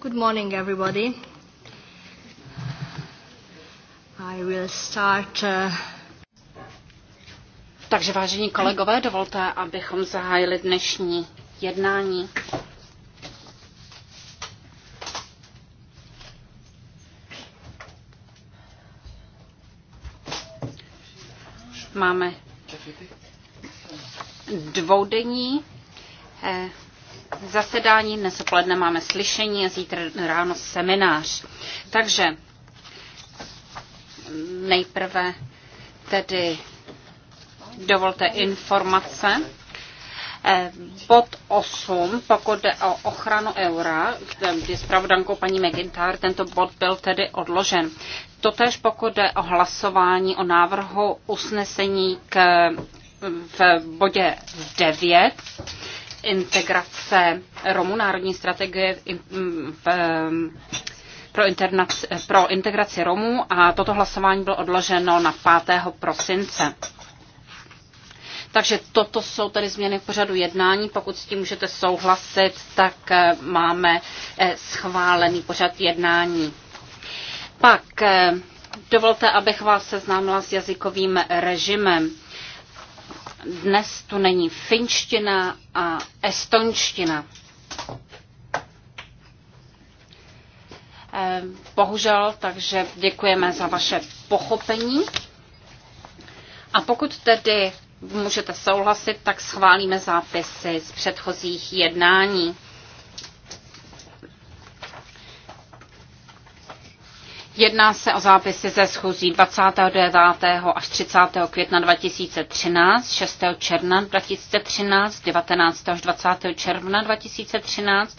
Good morning, everybody. I will start. Uh... Takže vážení kolegové, dovolte, abychom zahájili dnešní jednání. Máme dvoudenní eh, zasedání, dnes odpoledne máme slyšení a zítra ráno seminář. Takže nejprve tedy dovolte informace. Eh, bod 8, pokud jde o ochranu eura, kde s pravdankou paní McIntyre tento bod byl tedy odložen. Totež pokud jde o hlasování o návrhu usnesení k v bodě 9 integrace Romů, národní strategie v, pro, internac, pro integraci Romů a toto hlasování bylo odloženo na 5. prosince. Takže toto jsou tedy změny v pořadu jednání. Pokud s tím můžete souhlasit, tak eh, máme eh, schválený pořad jednání. Pak eh, dovolte, abych vás seznámila s jazykovým režimem. Dnes tu není finština a estonština. Ehm, bohužel, takže děkujeme za vaše pochopení. A pokud tedy můžete souhlasit, tak schválíme zápisy z předchozích jednání. Jedná se o zápisy ze schůzí 29. až 30. května 2013, 6. června 2013, 19. až 20. června 2013,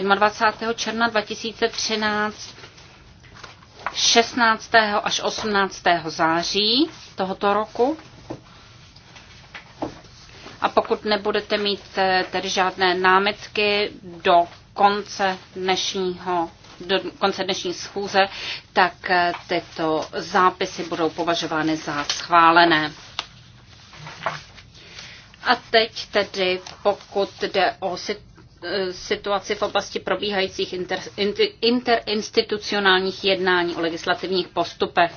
27. června 2013, 16. až 18. září tohoto roku. A pokud nebudete mít eh, tedy žádné námitky do konce dnešního do konce dnešní schůze, tak eh, tyto zápisy budou považovány za schválené. A teď tedy, pokud jde o eh, situaci v oblasti probíhajících inter, interinstitucionálních jednání o legislativních postupech.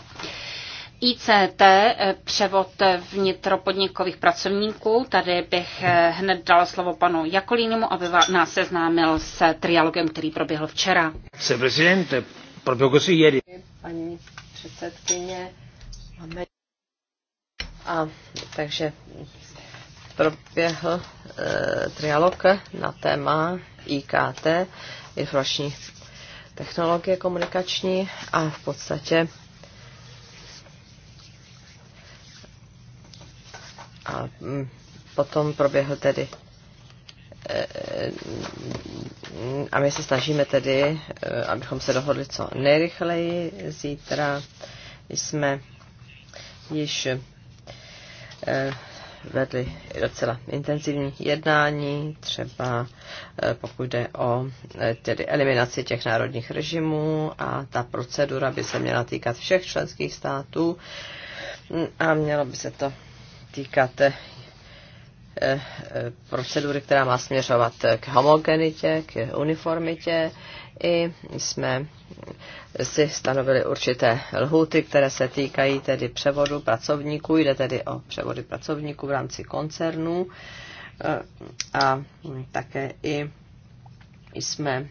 ICT, eh, převod vnitropodnikových pracovníků. Tady bych eh, hned dala slovo panu Jakolínu, aby nás seznámil s trialogem, který proběhl včera. Se prezidente, Paní předsedkyně, máme... A, takže proběhl e, trialog na téma IKT, informační technologie komunikační a v podstatě A mm, potom proběhl tedy e, e, a my se snažíme tedy, e, abychom se dohodli co nejrychleji. Zítra jsme již vedli docela intenzivní jednání, třeba pokud jde o tedy eliminaci těch národních režimů a ta procedura by se měla týkat všech členských států a mělo by se to týkat eh, eh, procedury, která má směřovat k homogenitě, k uniformitě. I jsme si stanovili určité lhuty, které se týkají tedy převodu pracovníků. Jde tedy o převody pracovníků v rámci koncernů eh, a také i jsme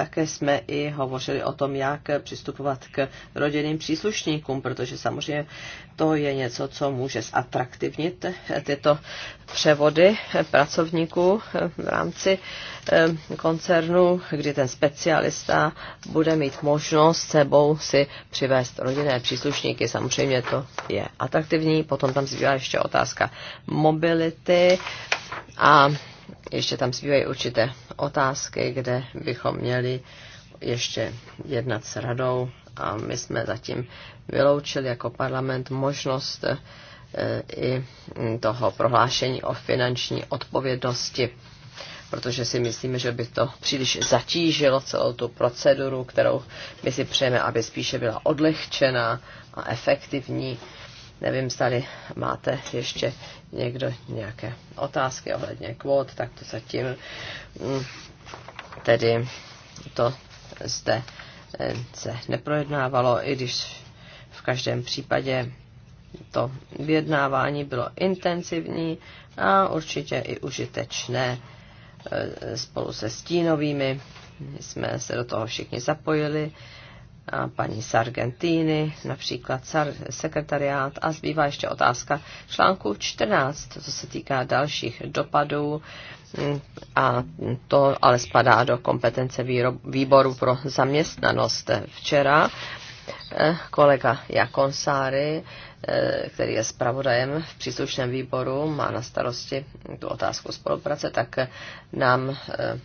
Také jsme i hovořili o tom, jak přistupovat k rodinným příslušníkům, protože samozřejmě to je něco, co může zatraktivnit tyto převody pracovníků v rámci koncernu, kdy ten specialista bude mít možnost sebou si přivést rodinné příslušníky. Samozřejmě to je atraktivní. Potom tam zbývá ještě otázka mobility a ještě tam zbývají určité otázky, kde bychom měli ještě jednat s radou a my jsme zatím vyloučili jako parlament možnost eh, i toho prohlášení o finanční odpovědnosti, protože si myslíme, že by to příliš zatížilo celou tu proceduru, kterou my si přejeme, aby spíše byla odlehčená a efektivní Nevím, zdali máte ještě někdo nějaké otázky ohledně kvót, tak to zatím mm, tedy to zde eh, se neprojednávalo, i když v každém případě to vyjednávání bylo intenzivní a určitě i užitečné eh, spolu se stínovými. My jsme se do toho všichni zapojili a paní Sargentini, například sekretariát a zbývá ještě otázka článku 14, co se týká dalších dopadů mm, a to ale spadá do kompetence výboru pro zaměstnanost. Včera Eh, kolega Jakonsáry, eh, který je zpravodajem v příslušném výboru, má na starosti tu otázku spolupráce, tak nám eh,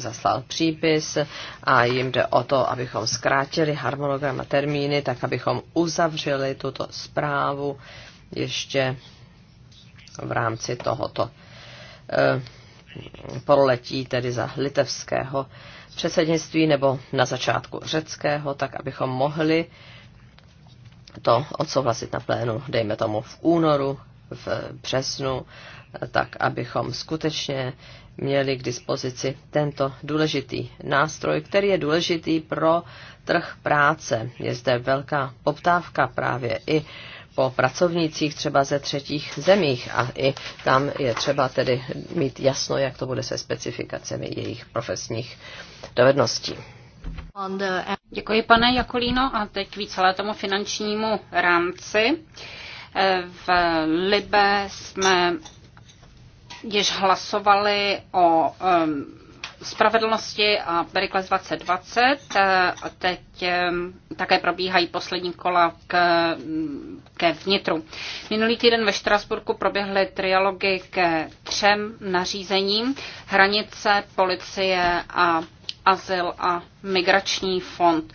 zaslal přípis a jim jde o to, abychom zkrátili harmonogram a termíny, tak abychom uzavřeli tuto zprávu ještě v rámci tohoto poletí, tedy za litevského předsednictví nebo na začátku řeckého, tak abychom mohli to odsouhlasit na plénu, dejme tomu v únoru, v březnu, tak abychom skutečně měli k dispozici tento důležitý nástroj, který je důležitý pro trh práce. Je zde velká poptávka právě i po pracovnících třeba ze třetích zemích a i tam je třeba tedy mít jasno, jak to bude se specifikacemi jejich profesních dovedností. Děkuji, pane Jakolíno, a teď celé tomu finančnímu rámci. V Libe jsme již hlasovali o um, spravedlnosti a Perikles 2020. Eh, teď eh, také probíhají poslední kola k, mm, ke vnitru. Minulý týden ve Štrasburku proběhly trialogy ke třem nařízením. Hranice, policie a azyl a migrační fond.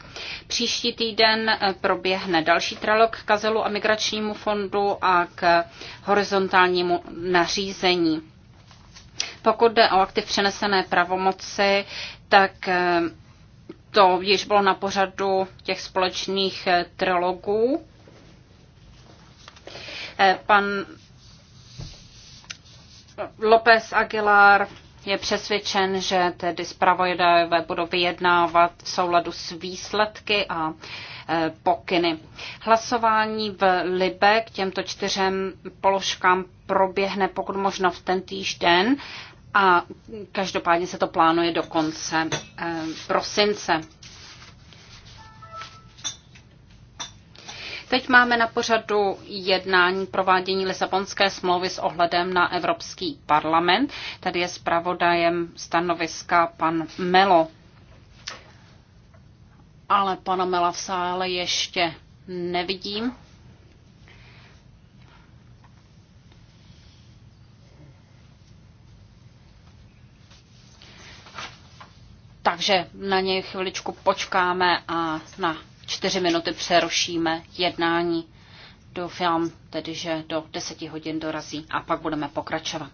Příští týden eh, proběhne další trilog k azylu a migračnímu fondu a k horizontálnímu nařízení. Pokud jde o aktiv přenesené pravomoci, tak eh, to již bylo na pořadu těch společných eh, trilogů. Eh, pan López Aguilar je přesvědčen, že tedy zpravodajové budou vyjednávat v souladu s výsledky a pokyny. Hlasování v Libe k těmto čtyřem položkám proběhne pokud možno v ten týžden a každopádně se to plánuje do konce eh, prosince. Teď máme na pořadu jednání provádění Lisabonské smlouvy s ohledem na Evropský parlament. Tady je zpravodajem stanoviska pan Melo. Ale pana Mela v sále ještě nevidím. Takže na něj chviličku počkáme a na čtyři minuty přerušíme jednání. Doufám tedy, že do deseti hodin dorazí a pak budeme pokračovat.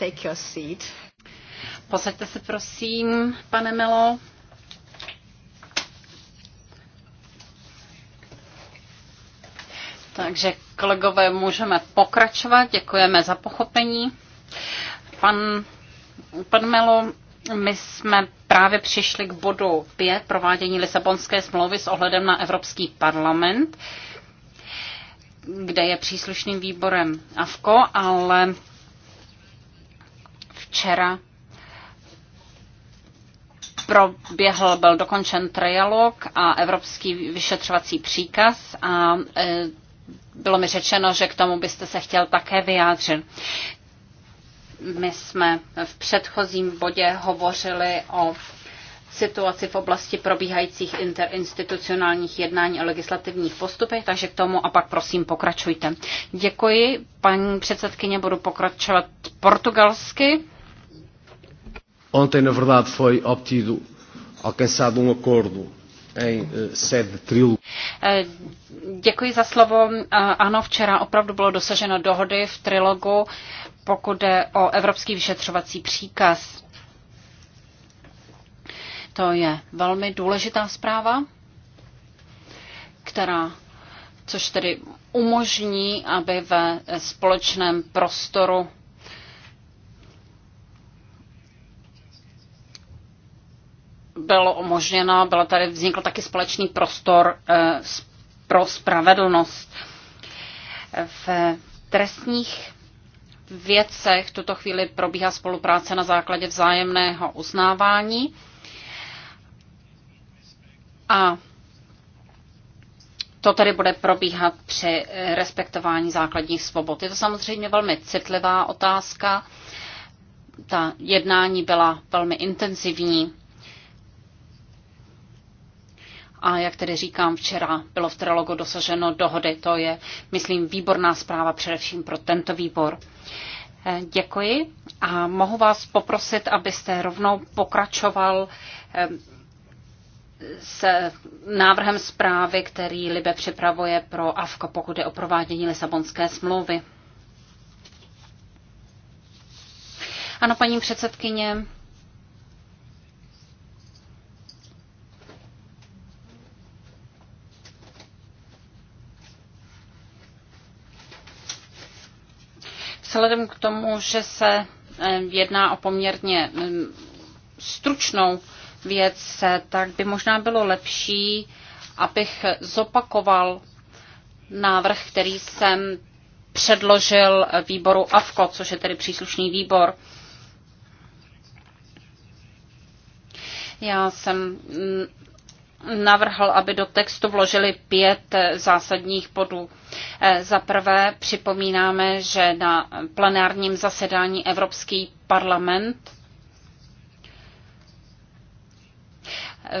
Take your seat. Posaďte se prosím, pane Melo. Takže kolegové, můžeme pokračovat. Děkujeme za pochopení. Pan, pan Melo, my jsme právě přišli k bodu 5, provádění Lisabonské smlouvy s ohledem na Evropský parlament, kde je příslušným výborem AFKO, ale Včera proběhl, byl dokončen trialog a evropský vyšetřovací příkaz a e, bylo mi řečeno, že k tomu byste se chtěl také vyjádřit. My jsme v předchozím bodě hovořili o situaci v oblasti probíhajících interinstitucionálních jednání o legislativních postupech, takže k tomu a pak prosím pokračujte. Děkuji, paní předsedkyně, budu pokračovat portugalsky. Ontem, na verdade, foi obtido, alcançado um acordo em eh, sede trilu. Eh, děkuji za slovo. Eh, ano, včera opravdu bylo dosaženo dohody v trilogu, pokud jde o evropský vyšetřovací příkaz. To je velmi důležitá zpráva, která, což tedy umožní, aby ve společném prostoru bylo umožněno, bylo tady vznikl taky společný prostor eh, pro spravedlnost. V trestních věcech v tuto chvíli probíhá spolupráce na základě vzájemného uznávání. A to tedy bude probíhat při eh, respektování základních svobod. Je to samozřejmě velmi citlivá otázka. Ta jednání byla velmi intenzivní. A jak tedy říkám, včera bylo v trilogu dosaženo dohody. To je, myslím, výborná zpráva především pro tento výbor. Eh, děkuji a mohu vás poprosit, abyste rovnou pokračoval eh, s návrhem zprávy, který Libe připravuje pro AFKO, pokud je o provádění Lisabonské smlouvy. Ano, paní předsedkyně, Vzhledem k tomu, že se jedná o poměrně stručnou věc, tak by možná bylo lepší, abych zopakoval návrh, který jsem předložil výboru AFKO, což je tedy příslušný výbor. Já jsem navrhl, aby do textu vložili pět zásadních bodů. Eh, za prvé připomínáme, že na plenárním zasedání Evropský parlament eh,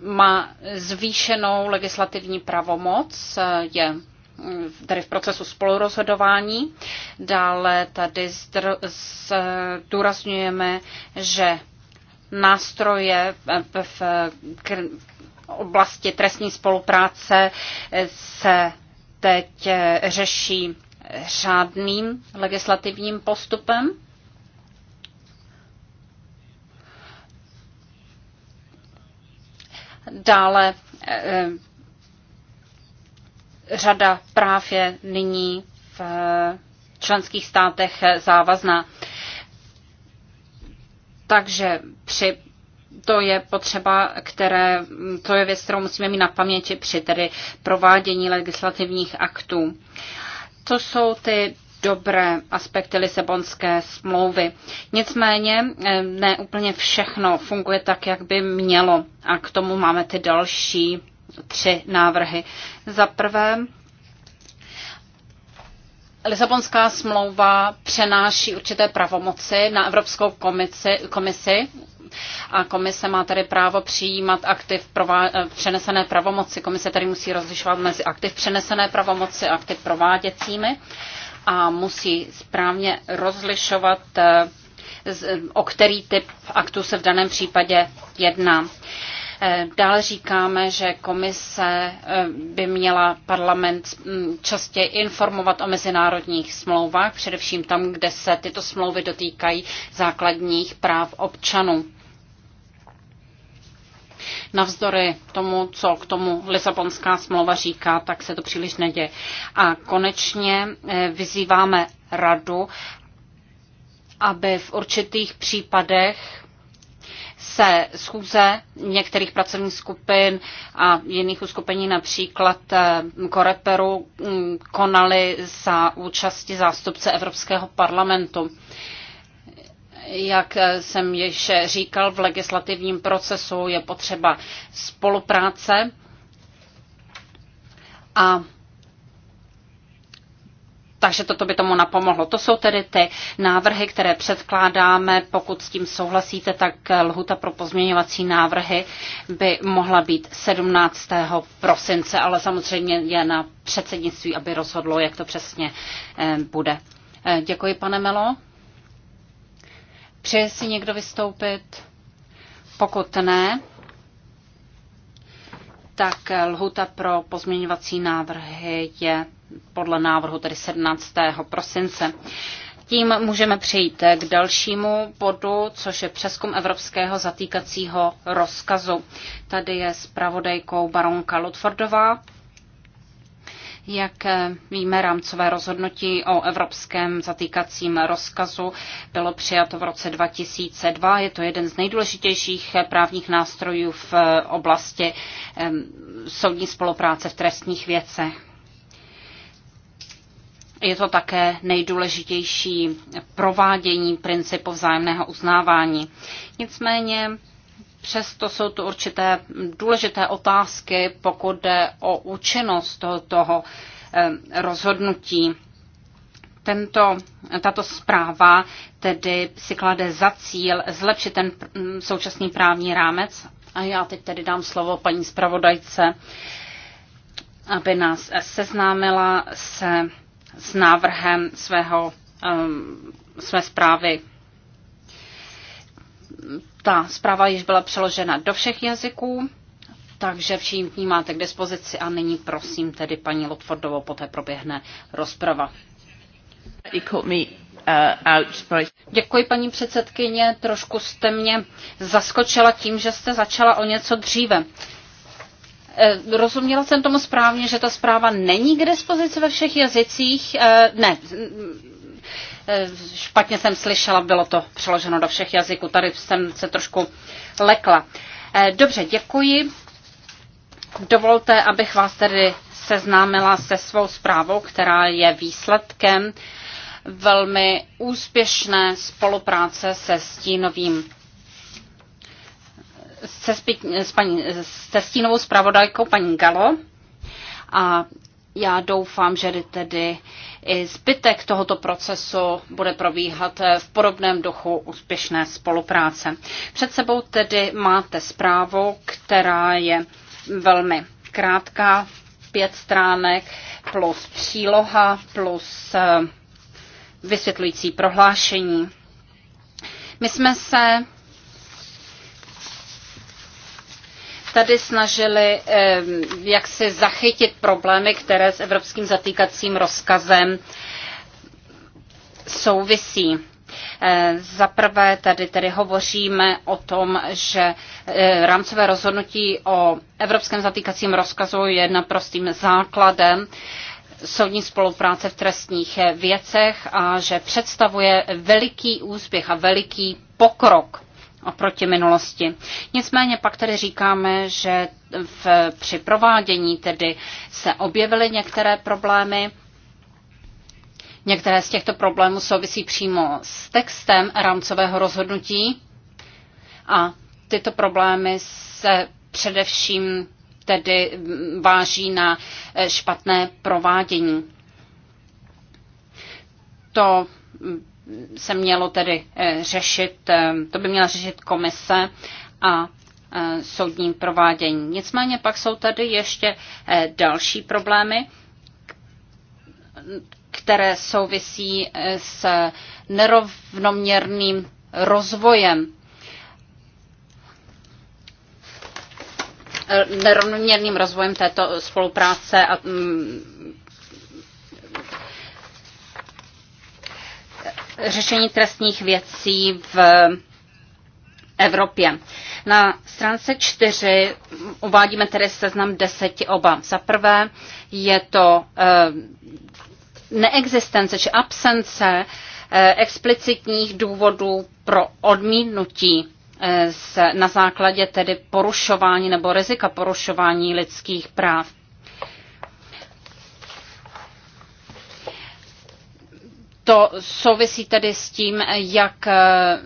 má zvýšenou legislativní pravomoc, eh, je hm, tady v procesu spolurozhodování. Dále tady zdůrazňujeme, že nástroje v oblasti trestní spolupráce se teď řeší řádným legislativním postupem. Dále eh, řada práv je nyní v eh, členských státech závazná. Takže při to je potřeba, které, to je věc, kterou musíme mít na paměti při tedy provádění legislativních aktů. To jsou ty dobré aspekty Lisabonské smlouvy. Nicméně eh, ne úplně všechno funguje tak, jak by mělo. A k tomu máme ty další tři návrhy. Za prvé, Lisabonská smlouva přenáší určité pravomoci na Evropskou komisi, komisi a komise má tedy právo přijímat aktiv prová, přenesené pravomoci. Komise tedy musí rozlišovat mezi aktiv přenesené pravomoci a aktiv prováděcími a musí správně rozlišovat, eh, o který typ aktu se v daném případě jedná. Eh, dále říkáme, že komise eh, by měla parlament mm, častěji informovat o mezinárodních smlouvách, především tam, kde se tyto smlouvy dotýkají základních práv občanů. Navzdory tomu, co k tomu Lisabonská smlouva říká, tak se to příliš neděje. A konečně eh, vyzýváme radu, aby v určitých případech se schůze některých pracovních skupin a jiných uskupení, například eh, Koreperu, mm, konaly za účasti zástupce Evropského parlamentu. Jak eh, jsem již říkal, v legislativním procesu je potřeba spolupráce a takže toto by tomu napomohlo. To jsou tedy ty návrhy, které předkládáme. Pokud s tím souhlasíte, tak lhuta pro pozměňovací návrhy by mohla být 17. prosince, ale samozřejmě je na předsednictví, aby rozhodlo, jak to přesně eh, bude. Eh, děkuji, pane Melo. Přeje si někdo vystoupit? Pokud ne, tak lhuta pro pozměňovací návrhy je podle návrhu tedy 17. prosince. Tím můžeme přejít k dalšímu bodu, což je přeskum evropského zatýkacího rozkazu. Tady je zpravodajkou baronka Ludfordová. Jak víme, rámcové rozhodnutí o evropském zatýkacím rozkazu bylo přijato v roce 2002. Je to jeden z nejdůležitějších právních nástrojů v oblasti soudní spolupráce v trestních věcech je to také nejdůležitější provádění principu vzájemného uznávání. Nicméně přesto jsou tu určité důležité otázky, pokud jde o účinnost toho, toho eh, rozhodnutí. Tento, tato zpráva tedy si klade za cíl zlepšit ten mm, současný právní rámec. A já teď tedy dám slovo paní zpravodajce, aby nás seznámila se s návrhem svého, své zprávy. Ta zpráva již byla přeložena do všech jazyků, takže všichni máte k dispozici a nyní prosím tedy paní Lotfordovou, poté proběhne rozprava. Uh, Děkuji, paní předsedkyně. Trošku jste mě zaskočila tím, že jste začala o něco dříve. Eh, rozuměla jsem tomu správně, že ta zpráva není k dispozici ve všech jazycích. Eh, ne, eh, špatně jsem slyšela, bylo to přeloženo do všech jazyků. Tady jsem se trošku lekla. Dobře, děkuji. Dovolte, abych vás tedy seznámila se svou zprávou, která je výsledkem velmi úspěšné spolupráce se stínovým se, s paní, stínovou zpravodajkou paní Galo a já doufám, že tedy i zbytek tohoto procesu bude probíhat v podobném duchu úspěšné spolupráce. Před sebou tedy máte zprávu, která je velmi krátká, pět stránek plus příloha plus eh, vysvětlující prohlášení. My jsme se tady snažili jak se zachytit problémy, které s evropským zatýkacím rozkazem souvisí. Za prvé tady tedy hovoříme o tom, že e, rámcové rozhodnutí o evropském zatýkacím rozkazu je naprostým základem soudní spolupráce v trestních věcech a že představuje veliký úspěch a veliký pokrok oproti minulosti. Nicméně pak tedy říkáme, že v, při provádění tedy se objevily některé problémy, Některé z těchto problémů souvisí přímo s textem rámcového rozhodnutí a tyto problémy se především tedy váží na eh, špatné provádění. To se mělo tedy eh, řešit, eh, to by měla řešit komise a eh, soudní provádění. Nicméně pak jsou tady ještě další problémy, které souvisí s nerovnoměrným rozvojem nerovnoměrným rozvojem této spolupráce a mm, řešení trestních věcí v Evropě. Na stránce 4 uvádíme tedy seznam deseti obav. Za prvé je to eh, neexistence či absence eh, explicitních důvodů pro odmítnutí eh, na základě tedy porušování nebo rizika porušování lidských práv. To souvisí tedy s tím, jak eh,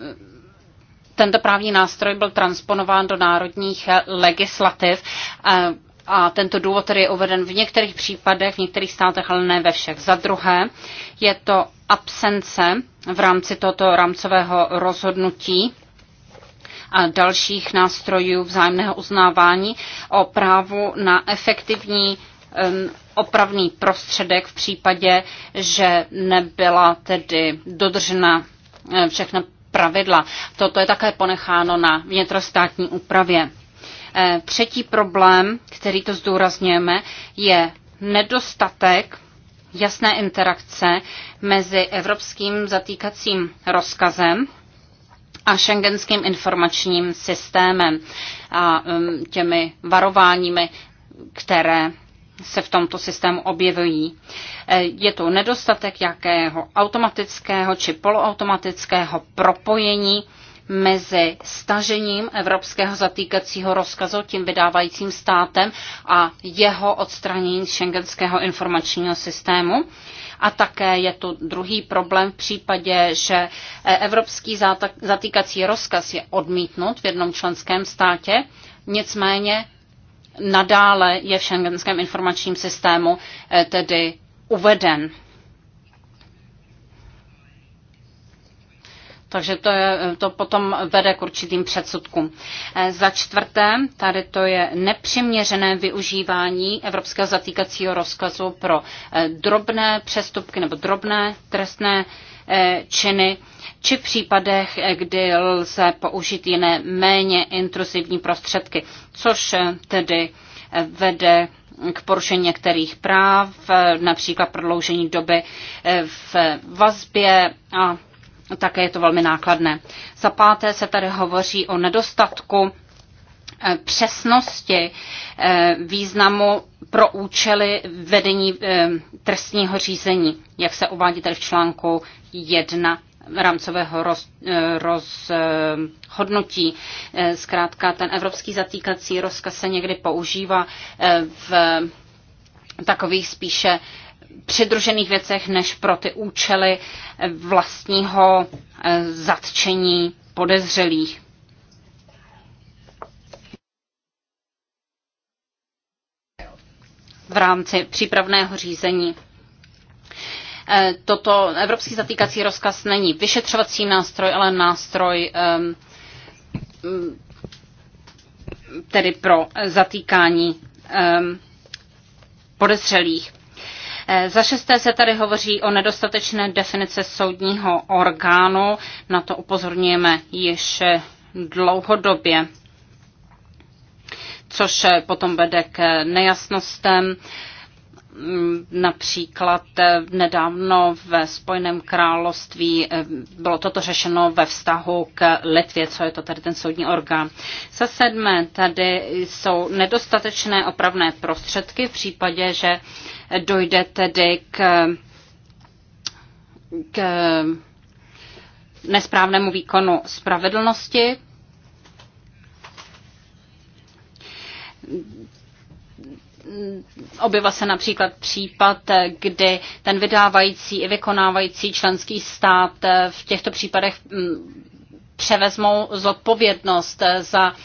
tento právní nástroj byl transponován do národních eh, legislativ eh, a tento důvod tedy je uveden v některých případech, v některých státech, ale ne ve všech. Za druhé je to absence v rámci tohoto rámcového rozhodnutí a dalších nástrojů vzájemného uznávání o právu na efektivní Um, opravný prostředek v případě, že nebyla tedy dodržena eh, všechna pravidla. Toto je také ponecháno na vnitrostátní úpravě. Eh, třetí problém, který to zdůrazňujeme, je nedostatek jasné interakce mezi evropským zatýkacím rozkazem a šengenským informačním systémem a um, těmi varováními, které se v tomto systému objevují. Eh, je to nedostatek jakého automatického či poloautomatického propojení mezi stažením evropského zatýkacího rozkazu tím vydávajícím státem a jeho odstranění šengenského informačního systému. A také je to druhý problém v případě, že eh, evropský zatýkací rozkaz je odmítnut v jednom členském státě, nicméně nadále je v šengenském informačním systému eh, tedy uveden. Takže to, je, eh, to potom vede k určitým předsudkům. Eh, za čtvrté, tady to je nepřiměřené využívání evropského zatýkacího rozkazu pro drobné přestupky nebo drobné trestné Eh, činy či v případech, eh, kdy lze použít jiné méně intruzivní prostředky, což eh, tedy vede k porušení některých práv, například prodloužení doby v vazbě a také je to velmi nákladné. Za páté se tady hovoří o nedostatku Eh, přesnosti eh, významu pro účely vedení eh, trestního řízení, jak se uvádí tady v článku 1 rámcového rozhodnutí. Roz, zkrátka ten evropský zatýkací rozkaz se někdy používá v takových spíše přidružených věcech než pro ty účely vlastního zatčení podezřelých. v rámci přípravného řízení. E, toto evropský zatýkací rozkaz není vyšetřovací nástroj, ale nástroj tedy pro zatýkání podezřelých. E, za šesté se tady hovoří o nedostatečné definice soudního orgánu. Na to upozorňujeme již dlouhodobě což eh, potom vede k eh, nejasnostem. Mm, například eh, nedávno ve Spojeném království bylo toto řešeno ve vztahu k Litvě, co je to tady ten soudní orgán. Za sedmé, tady jsou nedostatečné opravné prostředky v případě, že dojde tedy k, k nesprávnému výkonu spravedlnosti objevil se například případ, kdy ten vydávající i vykonávající členský stát eh, v těchto případech mm, převezmou zodpovědnost eh, za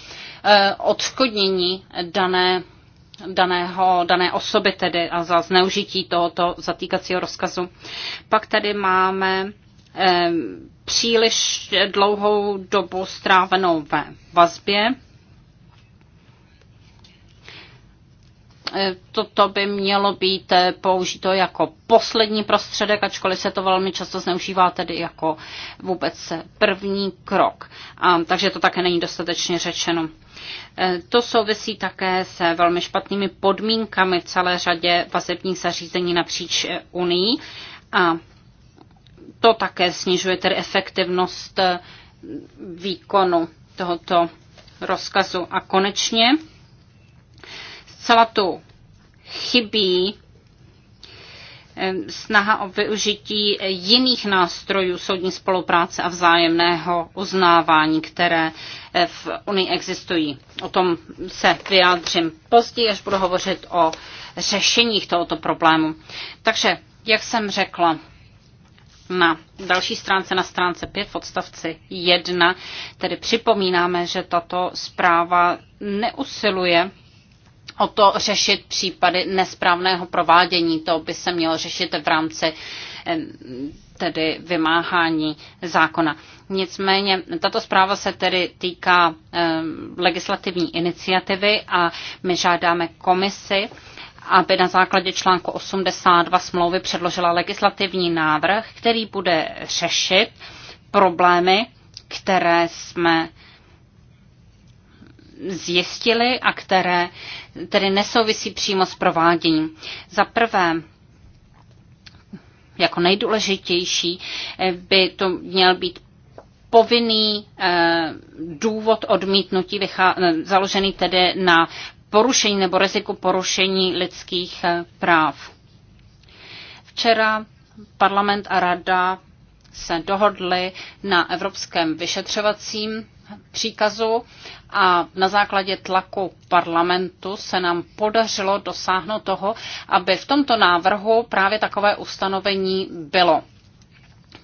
eh, odškodnění dané, daného, dané osoby tedy a za zneužití tohoto zatýkacího rozkazu. Pak tady máme příliš dlouhou dobu strávenou ve vazbě. E, toto by mělo být e, použito jako poslední prostředek, ačkoliv se to velmi často zneužívá tedy jako vůbec první krok. A, takže to také není dostatečně řečeno. E, to souvisí také se velmi špatnými podmínkami v celé řadě vazebních zařízení napříč Unii a to také snižuje tedy efektivnost výkonu tohoto rozkazu. A konečně docela tu chybí eh, snaha o využití jiných nástrojů soudní spolupráce a vzájemného uznávání, které eh, v Unii existují. O tom se vyjádřím později, až budu hovořit o řešeních tohoto problému. Takže, jak jsem řekla, na další stránce, na stránce 5 v odstavci 1, tedy připomínáme, že tato zpráva neusiluje o to řešit případy nesprávného provádění. To by se mělo řešit v rámci tedy vymáhání zákona. Nicméně tato zpráva se tedy týká legislativní iniciativy a my žádáme komisi, aby na základě článku 82 smlouvy předložila legislativní návrh, který bude řešit problémy, které jsme zjistili a které tedy nesouvisí přímo s prováděním. Za prvé, jako nejdůležitější eh, by to měl být povinný eh, důvod odmítnutí eh, založený tedy na porušení nebo riziku porušení lidských práv. Včera parlament a rada se dohodli na evropském vyšetřovacím příkazu a na základě tlaku parlamentu se nám podařilo dosáhnout toho, aby v tomto návrhu právě takové ustanovení bylo.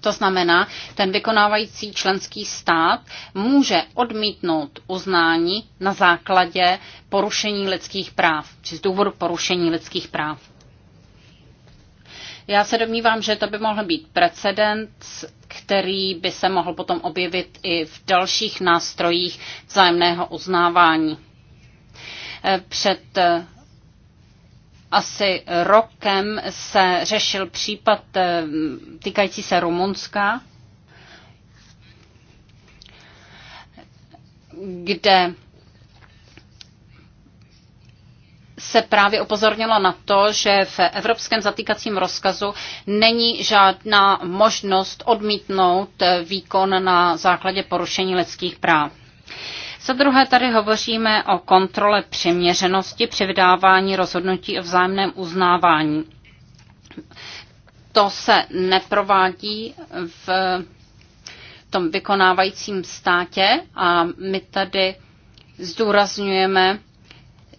To znamená, ten vykonávající členský stát může odmítnout uznání na základě porušení lidských práv, či z důvodu porušení lidských práv. Já se domnívám, že to by mohl být precedent, který by se mohl potom objevit i v dalších nástrojích vzájemného uznávání. Eh, před eh, asi rokem se řešil případ eh, týkající se Rumunska, kde se právě upozornilo na to, že v evropském zatýkacím rozkazu není žádná možnost odmítnout eh, výkon na základě porušení lidských práv. Za druhé tady hovoříme o kontrole přiměřenosti při vydávání rozhodnutí o vzájemném uznávání. To se neprovádí v tom vykonávajícím státě a my tady zdůrazňujeme,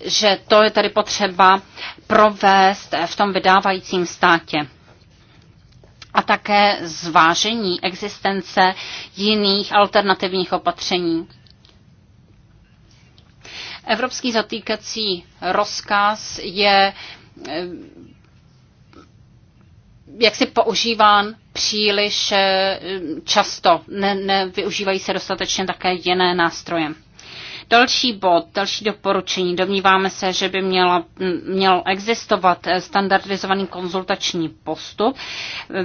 že to je tady potřeba provést v tom vydávajícím státě a také zvážení existence jiných alternativních opatření. Evropský zatýkací rozkaz je eh, jaksi používán příliš eh, často. Ne, využívají se dostatečně také jiné nástroje. Další bod, další doporučení. Domníváme se, že by měla, měl existovat eh, standardizovaný konzultační postup eh,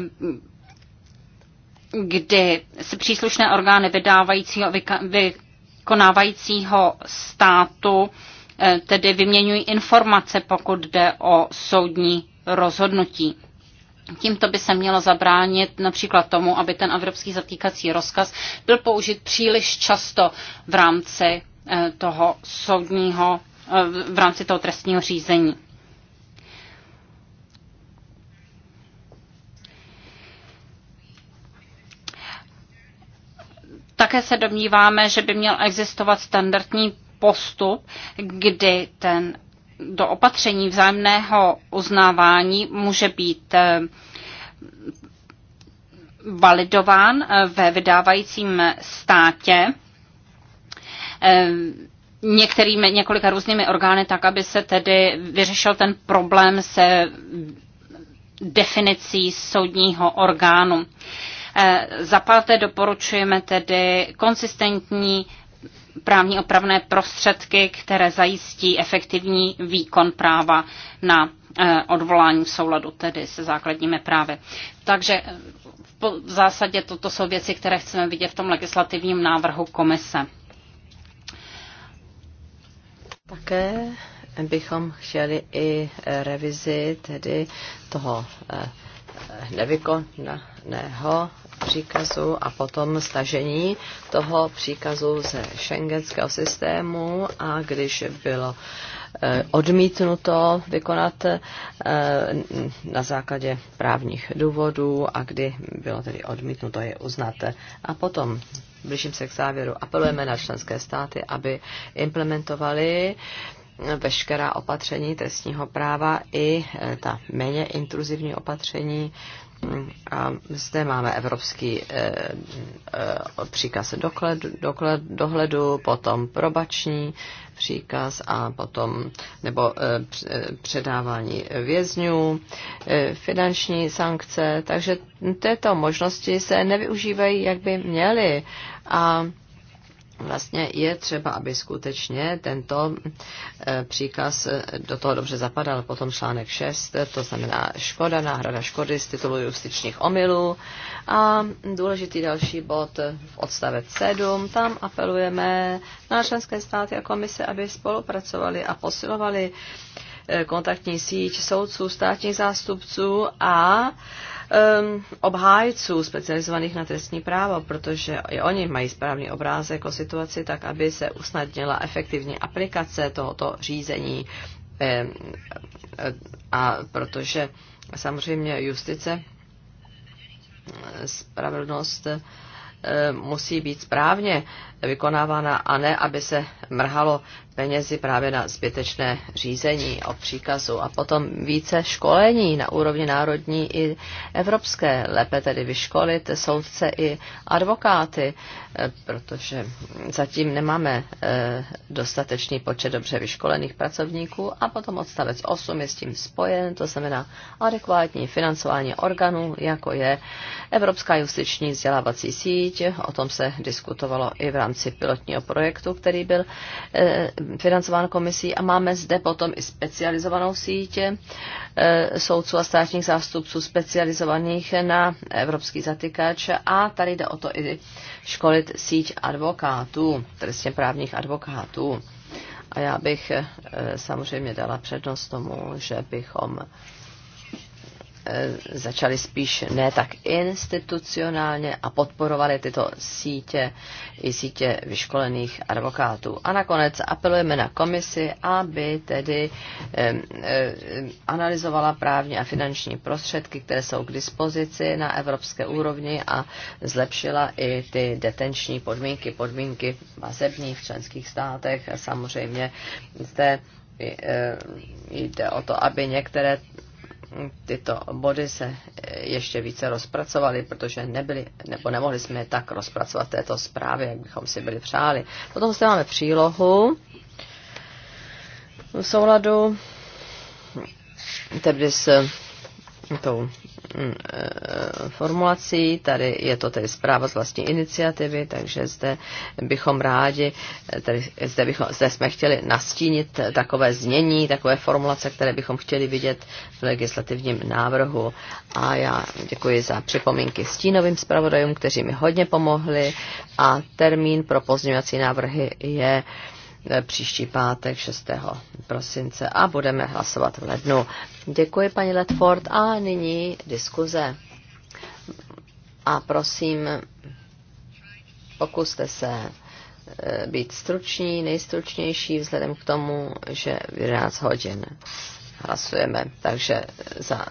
kdy se příslušné orgány vydávajícího, vykonávajícího státu eh, tedy vyměňují informace, pokud jde o soudní rozhodnutí. Tímto by se mělo zabránit například tomu, aby ten evropský zatýkací rozkaz byl použit příliš často v rámci Eh, toho soudního, eh, v rámci toho trestního řízení. Také se domníváme, že by měl existovat standardní postup, kdy ten do opatření vzájemného uznávání může být eh, validován ve vydávajícím státě Ehm, některými, několika různými orgány, tak aby se tedy vyřešil ten problém se definicí soudního orgánu. Ehm, za páté doporučujeme tedy konsistentní právní opravné prostředky, které zajistí efektivní výkon práva na eh, odvolání v souladu tedy se základními právy. Takže eh, v zásadě toto jsou věci, které chceme vidět v tom legislativním návrhu komise. Také bychom chtěli i eh, revizi tedy toho eh, eh, nevykonaného příkazu a potom stažení toho příkazu ze šengenského systému a když bylo eh, odmítnuto vykonat eh, na základě právních důvodů a kdy bylo tedy odmítnuto je uznat. A potom blížím se k závěru. Apelujeme na členské státy, aby implementovali eh, veškerá opatření trestního práva i ta méně intruzivní opatření, a zde máme evropský eh, eh, příkaz dokled, dokled, dohledu, potom probační příkaz a potom nebo eh, předávání vězňů, finanční sankce, takže této možnosti se nevyužívají, jak by měly. A vlastně je třeba, aby skutečně tento eh, příkaz do toho dobře zapadal. Potom článek 6, to znamená škoda, náhrada škody z titulu justičních omylů. A důležitý další bod v odstavec 7, tam apelujeme na členské státy a komise, aby spolupracovali a posilovali eh, kontaktní síť soudců, státních zástupců a um, obhájců specializovaných na trestní právo, protože i oni mají správný obrázek o situaci, tak aby se usnadnila efektivní aplikace tohoto řízení. Um, a protože samozřejmě justice, spravedlnost, musí být správně vykonávána a ne, aby se mrhalo penězi právě na zbytečné řízení o příkazu a potom více školení na úrovni národní i evropské, lépe tedy vyškolit soudce i advokáty, eh, protože zatím nemáme eh, dostatečný počet dobře vyškolených pracovníků a potom odstavec 8 je s tím spojen, to znamená adekvátní financování orgánů, jako je Evropská justiční vzdělávací síť, o tom se diskutovalo i v rámci pilotního projektu, který byl eh, financován komisí a máme zde potom i specializovanou sítě e, soudců a státních zástupců specializovaných na evropský zatykač a tady jde o to i školit síť advokátů, trestně právních advokátů. A já bych e, samozřejmě dala přednost tomu, že bychom Eh, začali spíš ne tak institucionálně a podporovali tyto sítě i sítě vyškolených advokátů. A nakonec apelujeme na komisi, aby tedy eh, analyzovala právní a finanční prostředky, které jsou k dispozici na evropské úrovni a zlepšila i ty detenční podmínky, podmínky vazební v členských státech. Samozřejmě zde eh, jde o to, aby některé tyto body se ještě více rozpracovaly, protože nebyly, nebo nemohli jsme je tak rozpracovat této zprávě, jak bychom si byli přáli. Potom zde máme přílohu v souladu tedy s tou Eh, formulací. Tady je to tedy zpráva z vlastní iniciativy, takže zde bychom rádi, eh, tedy zde, bychom, zde jsme chtěli nastínit takové znění, takové formulace, které bychom chtěli vidět v legislativním návrhu. A já děkuji za připomínky stínovým zpravodajům, kteří mi hodně pomohli a termín pro pozměňovací návrhy je příští pátek 6. prosince a budeme hlasovat v lednu. Děkuji paní Ledford a nyní diskuze. A prosím, pokuste se e, být struční, nejstručnější vzhledem k tomu, že v 11 hodin hlasujeme. Takže za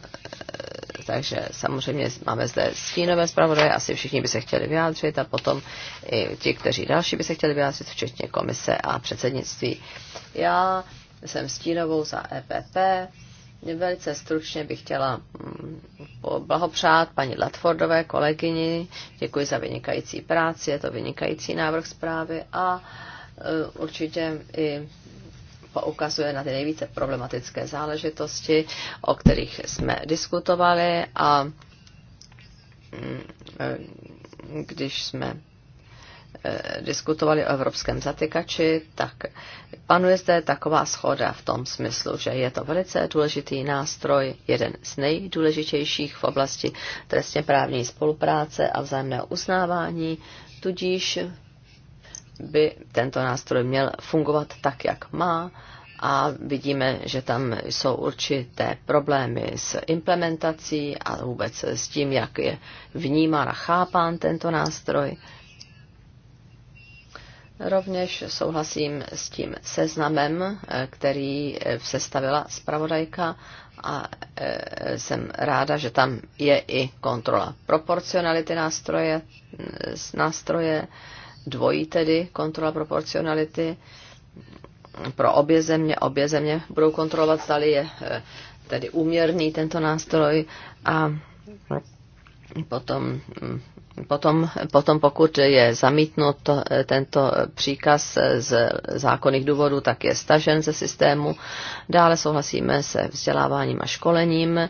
takže samozřejmě máme zde stínové zpravodaje, asi všichni by se chtěli vyjádřit a potom i ti, kteří další by se chtěli vyjádřit, včetně komise a předsednictví. Já jsem stínovou za EPP. Velice stručně bych chtěla mm, blahopřát paní Latfordové kolegyni. Děkuji za vynikající práci, je to vynikající návrh zprávy a e, určitě i poukazuje na ty nejvíce problematické záležitosti, o kterých jsme diskutovali a mm, když jsme e, diskutovali o evropském zatykači, tak panuje zde taková schoda v tom smyslu, že je to velice důležitý nástroj, jeden z nejdůležitějších v oblasti trestně právní spolupráce a vzájemného uznávání, tudíž by tento nástroj měl fungovat tak, jak má a vidíme, že tam jsou určité problémy s implementací a vůbec s tím, jak je vnímán a chápán tento nástroj. Rovněž souhlasím s tím seznamem, eh, který eh, sestavila zpravodajka a eh, jsem ráda, že tam je i kontrola proporcionality nástroje, nástroje dvojí tedy kontrola proporcionality pro obě země. Obě země budou kontrolovat, zda je eh, tedy úměrný tento nástroj a potom, hm, potom, potom pokud je zamítnut eh, tento příkaz eh, z zákonných důvodů, tak je stažen ze systému. Dále souhlasíme se vzděláváním a školením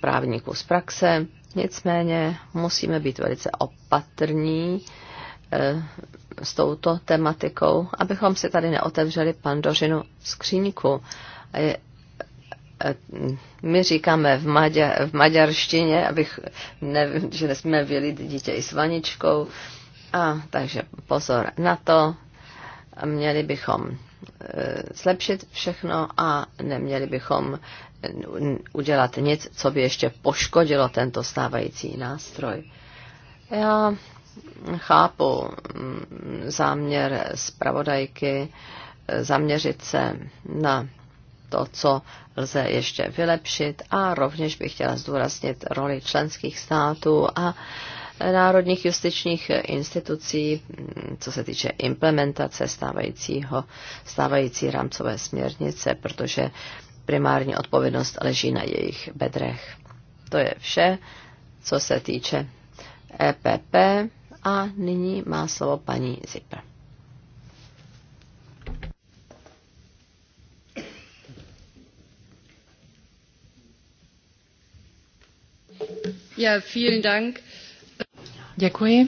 právníků z praxe Nicméně musíme být velice opatrní eh, s touto tematikou, abychom si tady neotevřeli pandořinu skříňku. Eh, eh, my říkáme v, maďa, v maďarštině, abych ne, že nesmíme vylít dítě i s vaničkou. A, takže pozor na to. Měli bychom zlepšit všechno a neměli bychom udělat nic, co by ještě poškodilo tento stávající nástroj. Já chápu mm, záměr zpravodajky eh, zaměřit se na to, co lze ještě vylepšit a rovněž bych chtěla zdůraznit roli členských států a národních justičních institucí, mm, co se týče implementace stávajícího, stávající rámcové směrnice, protože primární odpovědnost leží na jejich bedrech. To je vše, co se týče EPP a nyní má slovo paní Zipr. Ja, vielen Dank. Děkuji.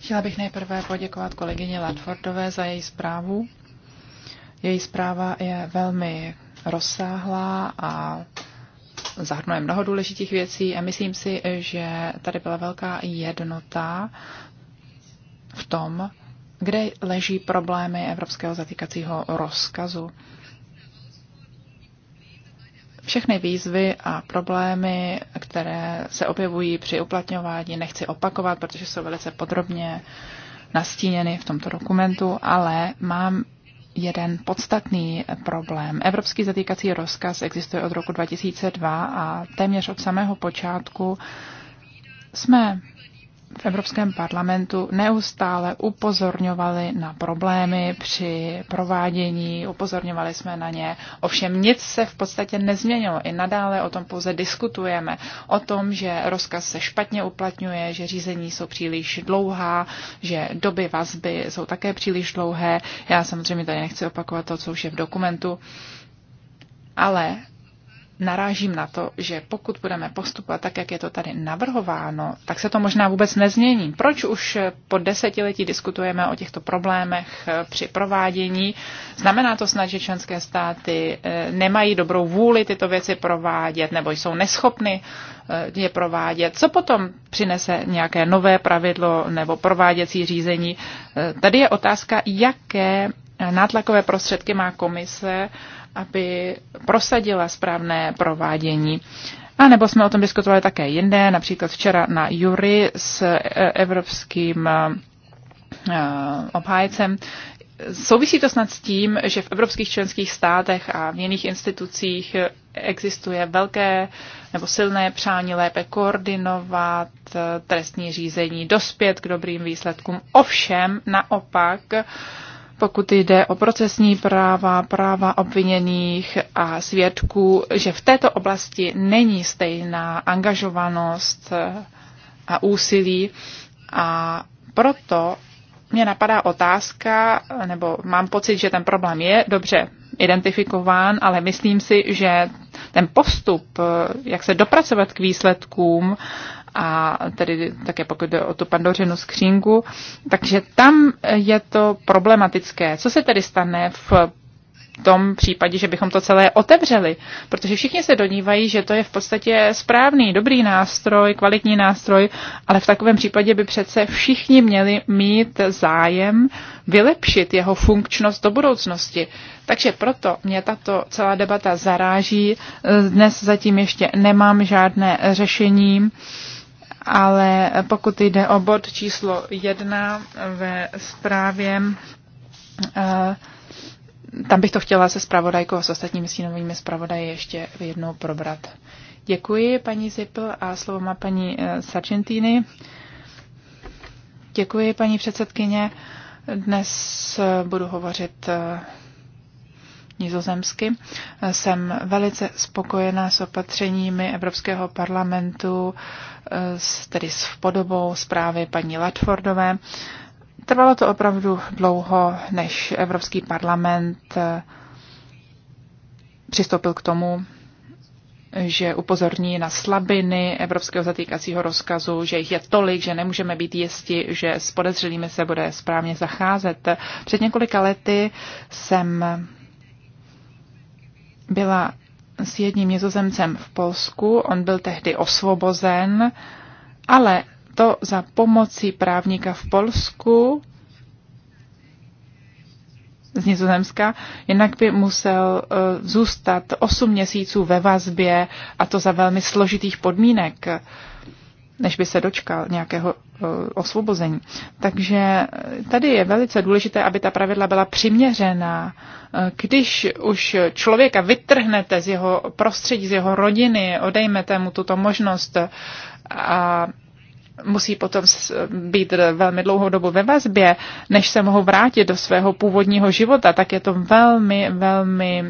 Chtěla bych nejprve poděkovat kolegyně Latfordové za její zprávu. Její zpráva je velmi rozsáhlá a zahrnuje mnoho důležitých věcí a myslím si, že tady byla velká jednota v tom, kde leží problémy evropského zatýkacího rozkazu. Všechny výzvy a problémy, které se objevují při uplatňování, nechci opakovat, protože jsou velice podrobně nastíněny v tomto dokumentu, ale mám jeden podstatný problém. Evropský zatýkací rozkaz existuje od roku 2002 a téměř od samého počátku jsme v Evropském parlamentu neustále upozorňovali na problémy při provádění, upozorňovali jsme na ně. Ovšem nic se v podstatě nezměnilo. I nadále o tom pouze diskutujeme. O tom, že rozkaz se špatně uplatňuje, že řízení jsou příliš dlouhá, že doby vazby jsou také příliš dlouhé. Já samozřejmě tady nechci opakovat to, co už je v dokumentu. Ale narážím na to, že pokud budeme postupovat tak, jak je to tady navrhováno, tak se to možná vůbec nezmění. Proč už po desetiletí diskutujeme o těchto problémech eh, při provádění? Znamená to snad, že členské státy eh, nemají dobrou vůli tyto věci provádět nebo jsou neschopny eh, je provádět? Co potom přinese nějaké nové pravidlo nebo prováděcí řízení? Tady je otázka, jaké nátlakové prostředky má komise aby prosadila správné provádění. A nebo jsme o tom diskutovali také jinde, například včera na Jury s e, evropským e, e, obhájcem. Souvisí to snad s tím, že v evropských členských státech a v jiných institucích existuje velké nebo silné přání lépe koordinovat trestní řízení, dospět k dobrým výsledkům. Ovšem, naopak, uh, pokud jde o procesní práva, práva obviněných a svědků, že v této oblasti není stejná angažovanost a úsilí a proto mě napadá otázka, nebo mám pocit, že ten problém je dobře identifikován, ale myslím si, že ten postup, jak se dopracovat k výsledkům a tedy také pokud jde o tu pandořinu skřínku. Takže tam je to problematické. Co se tedy stane v tom případě, že bychom to celé otevřeli, protože všichni se donívají, že to je v podstatě správný, dobrý nástroj, kvalitní nástroj, ale v takovém případě by přece všichni měli mít zájem vylepšit jeho funkčnost do budoucnosti. Takže proto mě tato celá debata zaráží. Dnes zatím ještě nemám žádné řešení ale pokud jde o bod číslo jedna ve zprávě, eh, tam bych to chtěla se zpravodajkou a s ostatními sínovými zpravodaji ještě jednou probrat. Děkuji, paní Zipl, a slovo má paní eh, Sargentini. Děkuji, paní předsedkyně. Dnes eh, budu hovořit nizozemsky. Jsem velice spokojená s opatřeními Evropského parlamentu, tedy s podobou zprávy paní Latfordové. Trvalo to opravdu dlouho, než Evropský parlament eh, přistoupil k tomu, že upozorní na slabiny evropského zatýkacího rozkazu, že jich je tolik, že nemůžeme být jisti, že s podezřelými se bude správně zacházet. Před několika lety jsem byla s jedním nizozemcem v Polsku, on byl tehdy osvobozen, ale to za pomocí právníka v Polsku z Nizozemska, jinak by musel eh, zůstat 8 měsíců ve vazbě a to za velmi složitých podmínek než by se dočkal nějakého eh, osvobození. Takže tady je velice důležité, aby ta pravidla byla přiměřená. Eh, když už člověka vytrhnete z jeho prostředí, z jeho rodiny, odejmete mu tuto možnost a musí potom být velmi dlouhou dobu ve vazbě, než se mohou vrátit do svého původního života, tak je to velmi, velmi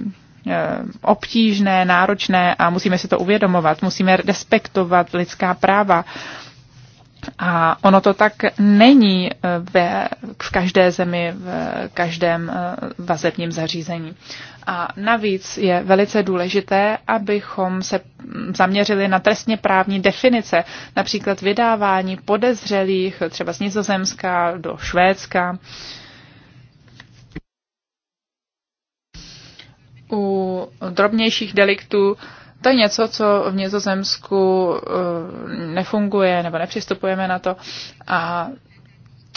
Eh, obtížné, náročné a musíme si to uvědomovat, musíme respektovat lidská práva. A ono to tak není eh, ve, v každé zemi, v každém eh, vazebním zařízení. A navíc je velice důležité, abychom se zaměřili na trestně právní definice, například vydávání podezřelých třeba z Nizozemska do Švédska. u drobnějších deliktů to je něco, co v Nizozemsku eh, nefunguje nebo nepřistupujeme na to. A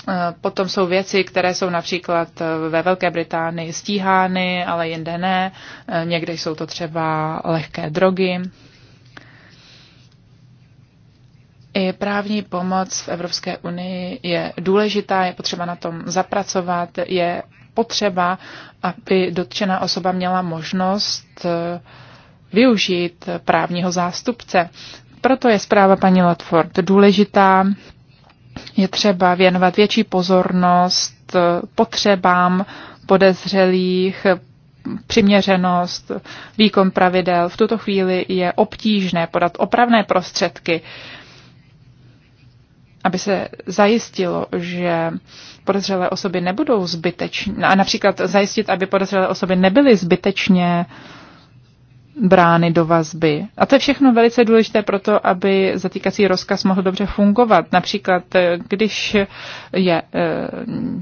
eh, potom jsou věci, které jsou například eh, ve Velké Británii stíhány, ale jinde ne. Někde jsou to třeba lehké drogy. I právní pomoc v Evropské unii je důležitá, je potřeba na tom zapracovat, je potřeba, aby dotčená osoba měla možnost eh, využít právního zástupce. Proto je zpráva paní Latford důležitá. Je třeba věnovat větší pozornost eh, potřebám podezřelých, přiměřenost, výkon pravidel. V tuto chvíli je obtížné podat opravné prostředky aby se zajistilo, že podezřelé osoby nebudou zbytečně, a například zajistit, aby podezřelé osoby nebyly zbytečně brány do vazby. A to je všechno velice důležité pro to, aby zatýkací rozkaz mohl dobře fungovat. Například, eh, když je eh,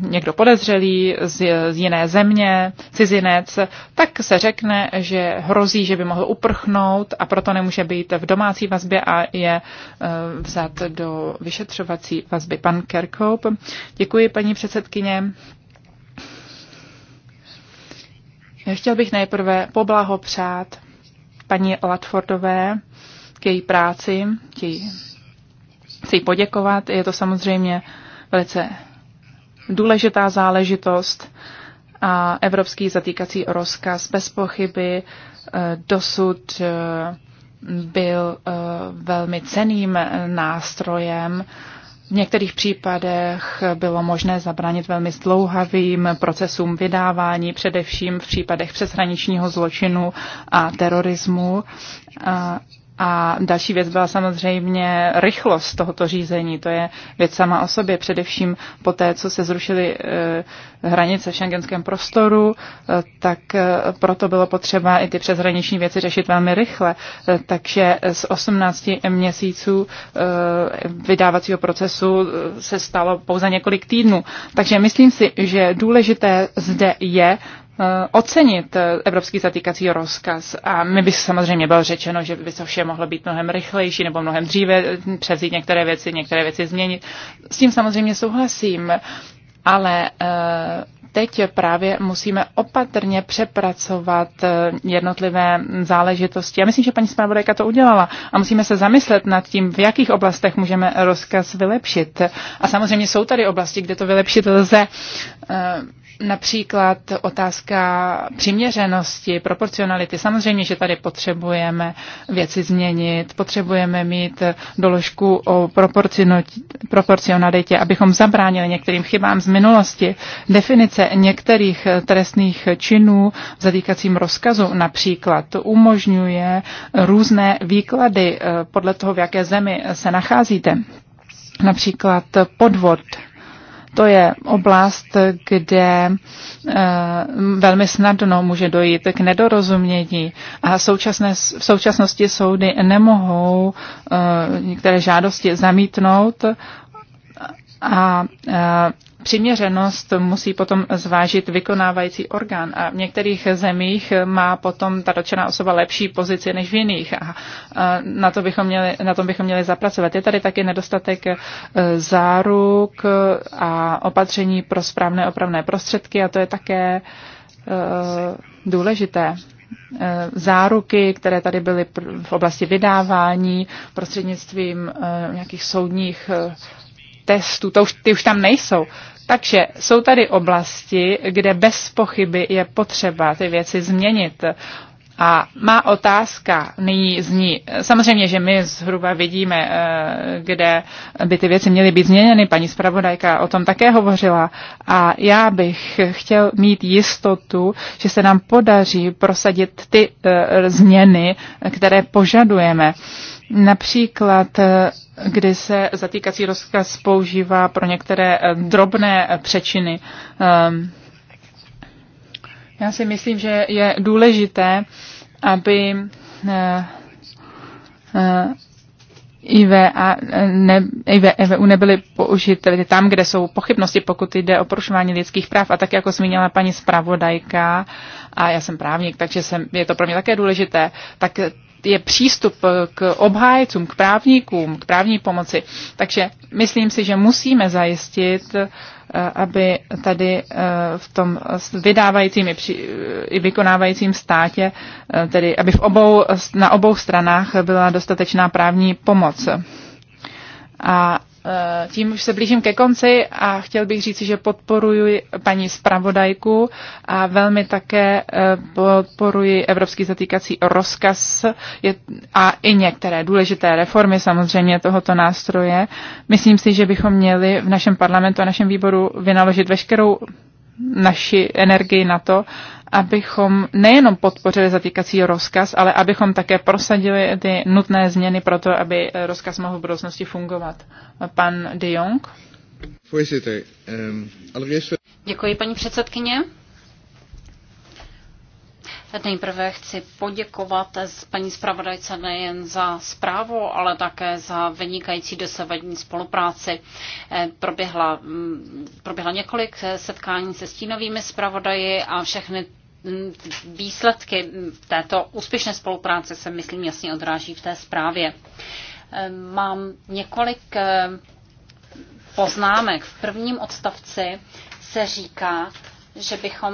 někdo podezřelý z, jiné země, cizinec, tak se řekne, že hrozí, že by mohl uprchnout a proto nemůže být v domácí vazbě a je eh, vzat do vyšetřovací vazby. Pan Kerkhope. Děkuji, paní předsedkyně. Chtěl bych nejprve poblahopřát paní Latfordové k její práci. Chtějí, chci poděkovat. Je to samozřejmě velice důležitá záležitost a evropský zatýkací rozkaz bez pochyby eh, dosud eh, byl eh, velmi ceným nástrojem v některých případech bylo možné zabránit velmi zdlouhavým procesům vydávání, především v případech přeshraničního zločinu a terorismu. A a další věc byla samozřejmě rychlost tohoto řízení. To je věc sama o sobě, především po té, co se zrušily e, hranice v šengenském prostoru, e, tak e, proto bylo potřeba i ty přeshraniční věci řešit velmi rychle. Takže z 18 měsíců vydávacího procesu se stalo pouze několik týdnů. Takže myslím si, že důležité zde je Eh, ocenit eh, evropský zatýkací rozkaz. A my by samozřejmě bylo řečeno, že by to vše mohlo být mnohem rychlejší nebo mnohem dříve, eh, převzít některé věci, některé věci změnit. S tím samozřejmě souhlasím, ale teď právě musíme opatrně přepracovat jednotlivé záležitosti. Já myslím, že paní zpravodajka to udělala a musíme se zamyslet nad tím, v jakých oblastech můžeme rozkaz vylepšit. A samozřejmě jsou tady oblasti, kde to vylepšit lze. Například otázka přiměřenosti, proporcionality. Samozřejmě, že tady potřebujeme věci změnit, potřebujeme mít doložku o proporcionalitě, abychom zabránili některým chybám z minulosti. Definice některých trestných činů v zatýkacím rozkazu například to umožňuje různé výklady eh, podle toho, v jaké zemi se nacházíte. Například podvod to je oblast, kde eh, velmi snadno může dojít k nedorozumění a současné, v současnosti soudy nemohou eh, některé žádosti zamítnout a eh, přiměřenost musí potom zvážit vykonávající orgán. A v některých zemích má potom ta dotčená osoba lepší pozici než v jiných. A na, to bychom měli, na tom bychom měli zapracovat. Je tady taky nedostatek e, záruk a opatření pro správné opravné prostředky a to je také e, důležité e, záruky, které tady byly v oblasti vydávání prostřednictvím nějakých soudních testů, to už, ty už tam nejsou. Takže jsou tady oblasti, kde bez pochyby je potřeba ty věci změnit. A má otázka nyní zní, samozřejmě, že my zhruba vidíme, eh, kde by ty věci měly být změněny, paní zpravodajka o tom také hovořila, a já bych chtěl mít jistotu, že se nám podaří prosadit ty eh, změny, které požadujeme. Například, eh, kdy se zatýkací rozkaz používá pro některé eh, drobné eh, přečiny. Ehm, já si myslím, že je důležité, aby IVA ne, IVU nebyly použity tam, kde jsou pochybnosti, pokud jde o porušování lidských práv. A tak, jako zmínila paní zpravodajka, a já jsem právník, takže jsem, je to pro mě také důležité, tak je přístup eh, k obhájcům, k právníkům, k právní pomoci. Takže myslím si, že musíme zajistit, eh, aby tady eh, v tom vydávajícím i, při, i vykonávajícím státě, tedy aby v obou, na obou stranách byla dostatečná právní pomoc. A Eh, tím už se blížím ke konci a chtěl bych říct, že podporuji paní zpravodajku a velmi také eh, podporuji Evropský zatýkací rozkaz a i některé důležité reformy samozřejmě tohoto nástroje. Myslím si, že bychom měli v našem parlamentu a našem výboru vynaložit veškerou naši energii na to, abychom nejenom podpořili zatýkací rozkaz, ale abychom také prosadili ty nutné změny pro to, aby eh, rozkaz mohl v budoucnosti fungovat. Pan de Jong. Ehm, Děkuji, paní předsedkyně. Nejprve chci poděkovat paní zpravodajce nejen za zprávu, ale také za vynikající dosavadní spolupráci. Eh, proběhla, mm, proběhla několik eh, setkání se stínovými zpravodaji a všechny Mm, výsledky této úspěšné spolupráce se, myslím, jasně odráží v té zprávě. Ehm, mám několik ehm, poznámek. V prvním odstavci se říká, že bychom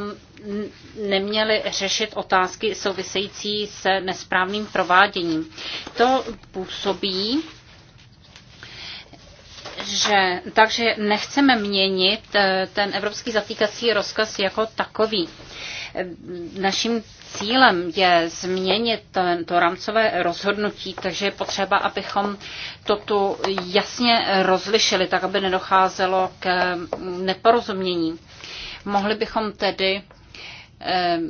neměli řešit otázky související se nesprávným prováděním. To působí že, takže nechceme měnit eh, ten evropský zatýkací rozkaz jako takový. Eh, naším cílem je změnit to rámcové rozhodnutí, takže je potřeba, abychom to tu jasně rozlišili, tak aby nedocházelo k mm, neporozumění. Mohli bychom tedy Ehm,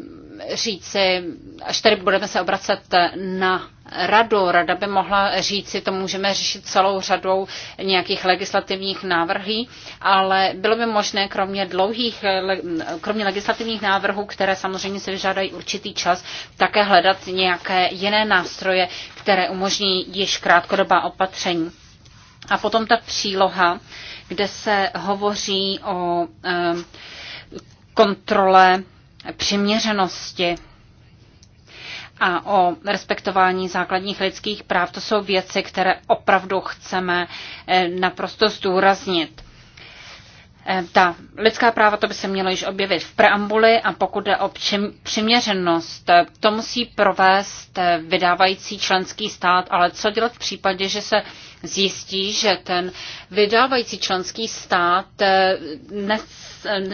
říci, až tady budeme se obracet na radu, rada by mohla říci, to můžeme řešit celou řadou nějakých legislativních návrhů, ale bylo by možné, kromě dlouhých, kromě legislativních návrhů, které samozřejmě se vyžádají určitý čas, také hledat nějaké jiné nástroje, které umožní již krátkodobá opatření. A potom ta příloha, kde se hovoří o ehm, kontrole přiměřenosti a o respektování základních lidských práv. To jsou věci, které opravdu chceme eh, naprosto zdůraznit. Eh, ta lidská práva, to by se mělo již objevit v preambuli a pokud jde o přiměřenost, eh, to musí provést eh, vydávající členský stát, ale co dělat v případě, že se zjistí, že ten vydávající členský stát ne,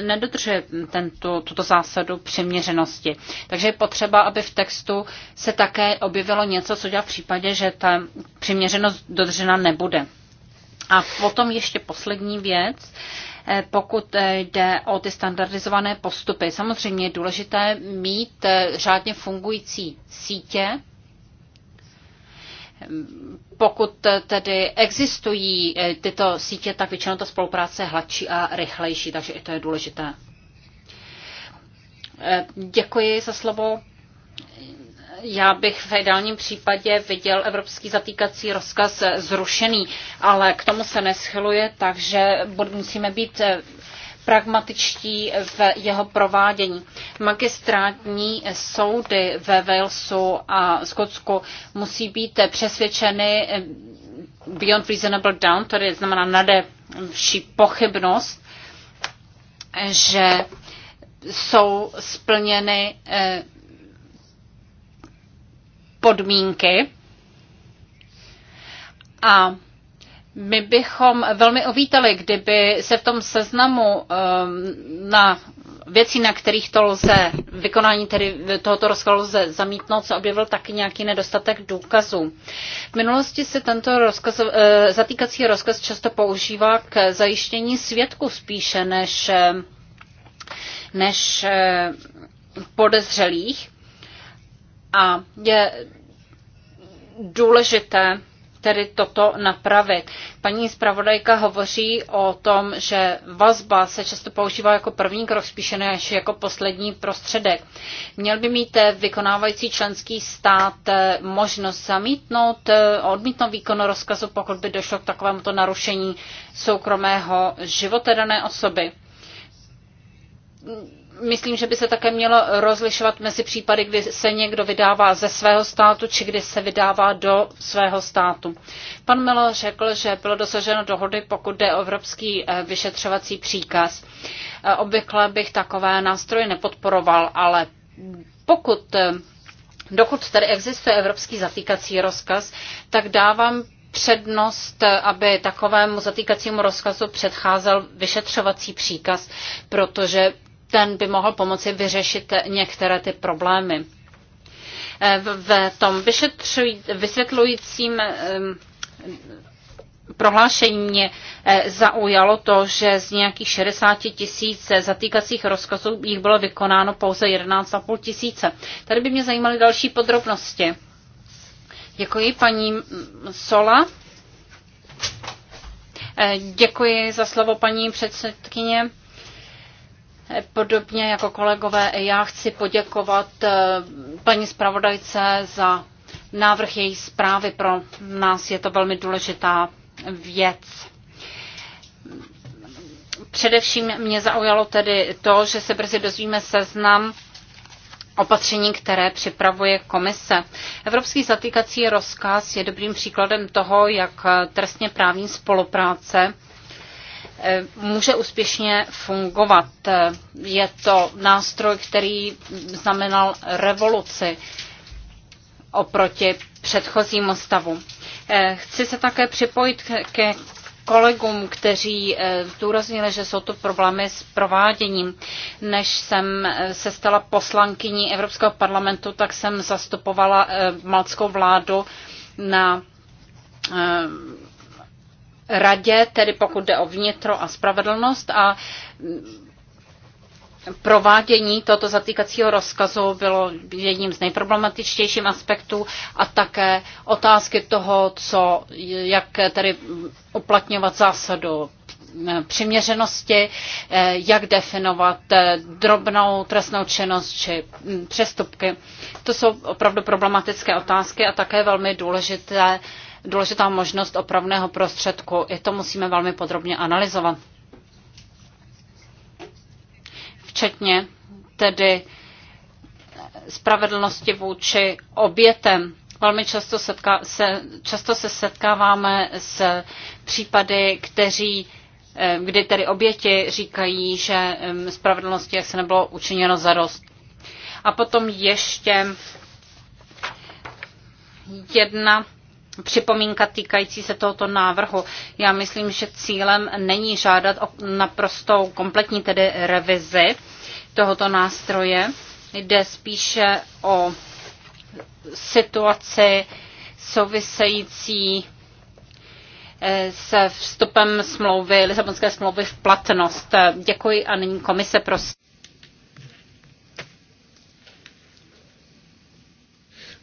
nedodržuje tento, tuto zásadu přiměřenosti. Takže je potřeba, aby v textu se také objevilo něco, co dělat v případě, že ta přiměřenost dodržena nebude. A potom ještě poslední věc, eh, pokud eh, jde o ty standardizované postupy. Samozřejmě je důležité mít eh, řádně fungující sítě, pokud tedy existují tyto sítě, tak většinou ta spolupráce je hladší a rychlejší, takže i to je důležité. Děkuji za slovo já bych v ideálním případě viděl evropský zatýkací rozkaz zrušený, ale k tomu se neschyluje, takže musíme být eh, pragmatičtí v jeho provádění. Magistrátní soudy ve Walesu a Skotsku musí být přesvědčeny eh, beyond reasonable doubt, tedy znamená nade vší pochybnost, že jsou splněny eh, podmínky. A my bychom velmi ovítali, kdyby se v tom seznamu ehm, na věcí, na kterých to lze, vykonání tedy tohoto rozkladu lze zamítnout, se objevil taky nějaký nedostatek důkazů. V minulosti se tento rozkaz, eh, zatýkací rozkaz často používá k zajištění svědku spíše než, eh, než eh, podezřelých. A je důležité tedy toto napravit. Paní zpravodajka hovoří o tom, že vazba se často používá jako první krok spíše než jako poslední prostředek. Měl by mít eh, vykonávající členský stát eh, možnost zamítnout, eh, odmítnout výkon rozkazu, pokud by došlo k takovémuto narušení soukromého života dané osoby myslím, že by se také mělo rozlišovat mezi případy, kdy se někdo vydává ze svého státu, či kdy se vydává do svého státu. Pan Melo řekl, že bylo dosaženo dohody, pokud jde o evropský eh, vyšetřovací příkaz. Eh, obvykle bych takové nástroje nepodporoval, ale pokud eh, dokud tady existuje evropský zatýkací rozkaz, tak dávám přednost, aby takovému zatýkacímu rozkazu předcházel vyšetřovací příkaz, protože ten by mohl pomoci vyřešit některé ty problémy. Eh, v tom vysvětlujícím ehm, prohlášení mě eh, zaujalo to, že z nějakých 60 tisíc zatýkacích rozkazů jich bylo vykonáno pouze 11,5 tisíce. Tady by mě zajímaly další podrobnosti. Děkuji paní Sola. Eh, děkuji za slovo paní předsedkyně. Podobně jako kolegové, já chci poděkovat eh, paní zpravodajce za návrh její zprávy. Pro nás je to velmi důležitá věc. Především mě zaujalo tedy to, že se brzy dozvíme seznam opatření, které připravuje komise. Evropský zatýkací rozkaz je dobrým příkladem toho, jak trestně právní spolupráce Eh, může úspěšně fungovat. Je to nástroj, který znamenal revoluci oproti předchozímu stavu. Eh, chci se také připojit ke kolegům, kteří eh, zdůraznili, že jsou to problémy s prováděním. Než jsem se stala poslankyní Evropského parlamentu, tak jsem zastupovala malckou vládu na radě, tedy pokud jde o vnitro a spravedlnost a provádění tohoto zatýkacího rozkazu bylo jedním z nejproblematičtějších aspektů a také otázky toho, co, jak tedy uplatňovat zásadu přiměřenosti, jak definovat drobnou trestnou činnost či přestupky. To jsou opravdu problematické otázky a také velmi důležité důležitá možnost opravného prostředku. I to musíme velmi podrobně analyzovat. Včetně tedy spravedlnosti vůči obětem. Velmi často, setká, se, často se setkáváme s případy, kteří, eh, kdy tedy oběti říkají, že spravedlnosti jak se nebylo učiněno za dost. A potom ještě jedna připomínka týkající se tohoto návrhu. Já myslím, že cílem není žádat o naprosto kompletní tedy revizi tohoto nástroje. Jde spíše o situaci související eh, se vstupem smlouvy, Lisabonské smlouvy v platnost. Děkuji a nyní komise, prosím.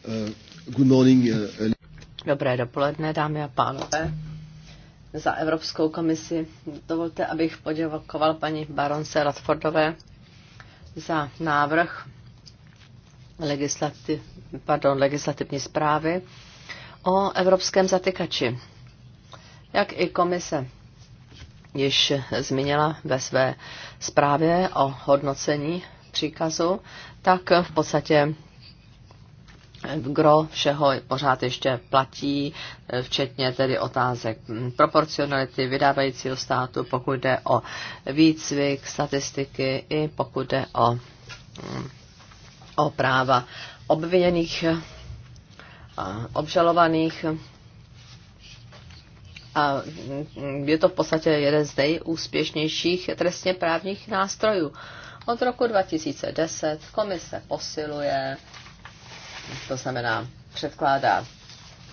Eh, good morning. Eh, Dobré dopoledne, dámy a pánové. Za Evropskou komisi dovolte, abych poděkoval paní baronce Radfordové za návrh legislativ, pardon, legislativní zprávy o evropském zatykači. Jak i komise již zmínila ve své zprávě o hodnocení příkazu, tak v podstatě v gro všeho pořád ještě platí, eh, včetně tedy otázek hm, proporcionality vydávajícího státu, pokud jde o výcvik, statistiky i pokud jde o, hm, o práva obviněných, eh, obžalovaných. A hm, je to v podstatě jeden z nejúspěšnějších trestně právních nástrojů. Od roku 2010 komise posiluje to znamená předkládá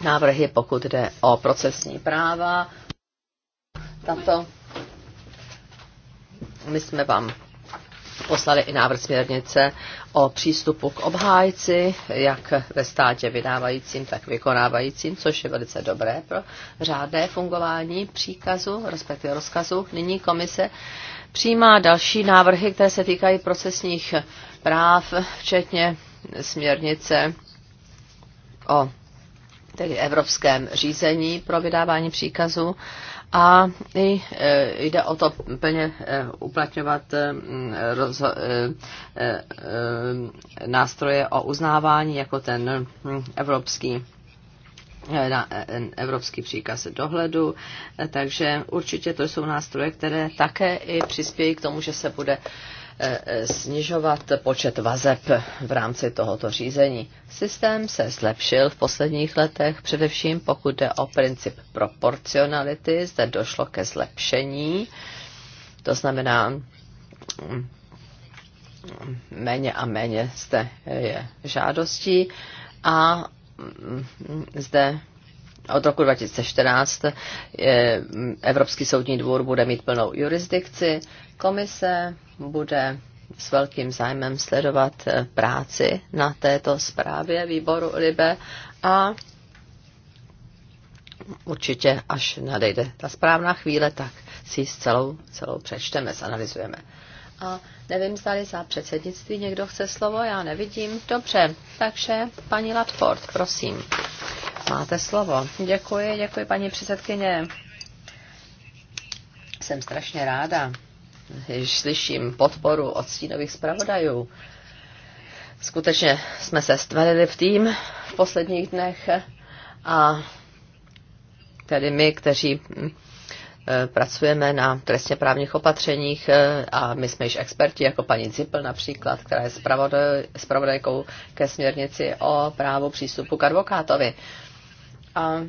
návrhy, pokud jde o procesní práva. Tato, my jsme vám poslali i návrh směrnice o přístupu k obhájci, jak ve státě vydávajícím, tak vykonávajícím, což je velice dobré pro řádné fungování příkazu, respektive rozkazu. Nyní komise přijímá další návrhy, které se týkají procesních práv, včetně směrnice o tedy evropském řízení pro vydávání příkazu a i e, jde o to plně e, uplatňovat e, nástroje o uznávání jako ten evropský na evropský příkaz dohledu, takže určitě to jsou nástroje, které také i přispějí k tomu, že se bude snižovat počet vazeb v rámci tohoto řízení. Systém se zlepšil v posledních letech, především pokud jde o princip proporcionality, zde došlo ke zlepšení, to znamená méně a méně zde je žádostí a zde od roku 2014 eh, Evropský soudní dvůr bude mít plnou jurisdikci. Komise bude s velkým zájmem sledovat eh, práci na této zprávě výboru LIBE a určitě, až nadejde ta správná chvíle, tak si ji celou, celou přečteme, zanalizujeme. A nevím, zda za předsednictví někdo chce slovo, já nevidím. Dobře, takže paní Latford, prosím máte slovo. Děkuji, děkuji paní předsedkyně. Jsem strašně ráda, když slyším podporu od stínových zpravodajů. Skutečně jsme se stvarili v tým v posledních dnech a tedy my, kteří hm, e, pracujeme na trestně právních opatřeních e, a my jsme již experti, jako paní Zipl například, která je spravodajkou ke směrnici o právu přístupu k advokátovi. A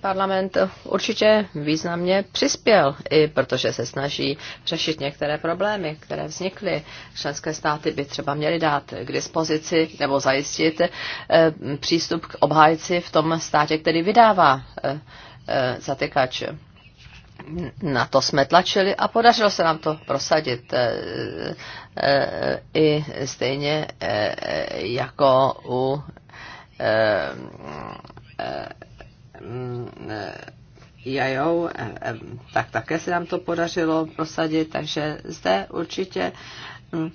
parlament určitě významně přispěl, i protože se snaží řešit některé problémy, které vznikly. Členské státy by třeba měly dát k dispozici nebo zajistit eh, přístup k obhájci v tom státě, který vydává eh, eh, zatykač. Na to jsme tlačili a podařilo se nám to prosadit i stejně jako u IAO, eh, eh, eh, tak také se nám to podařilo prosadit, takže zde určitě mm,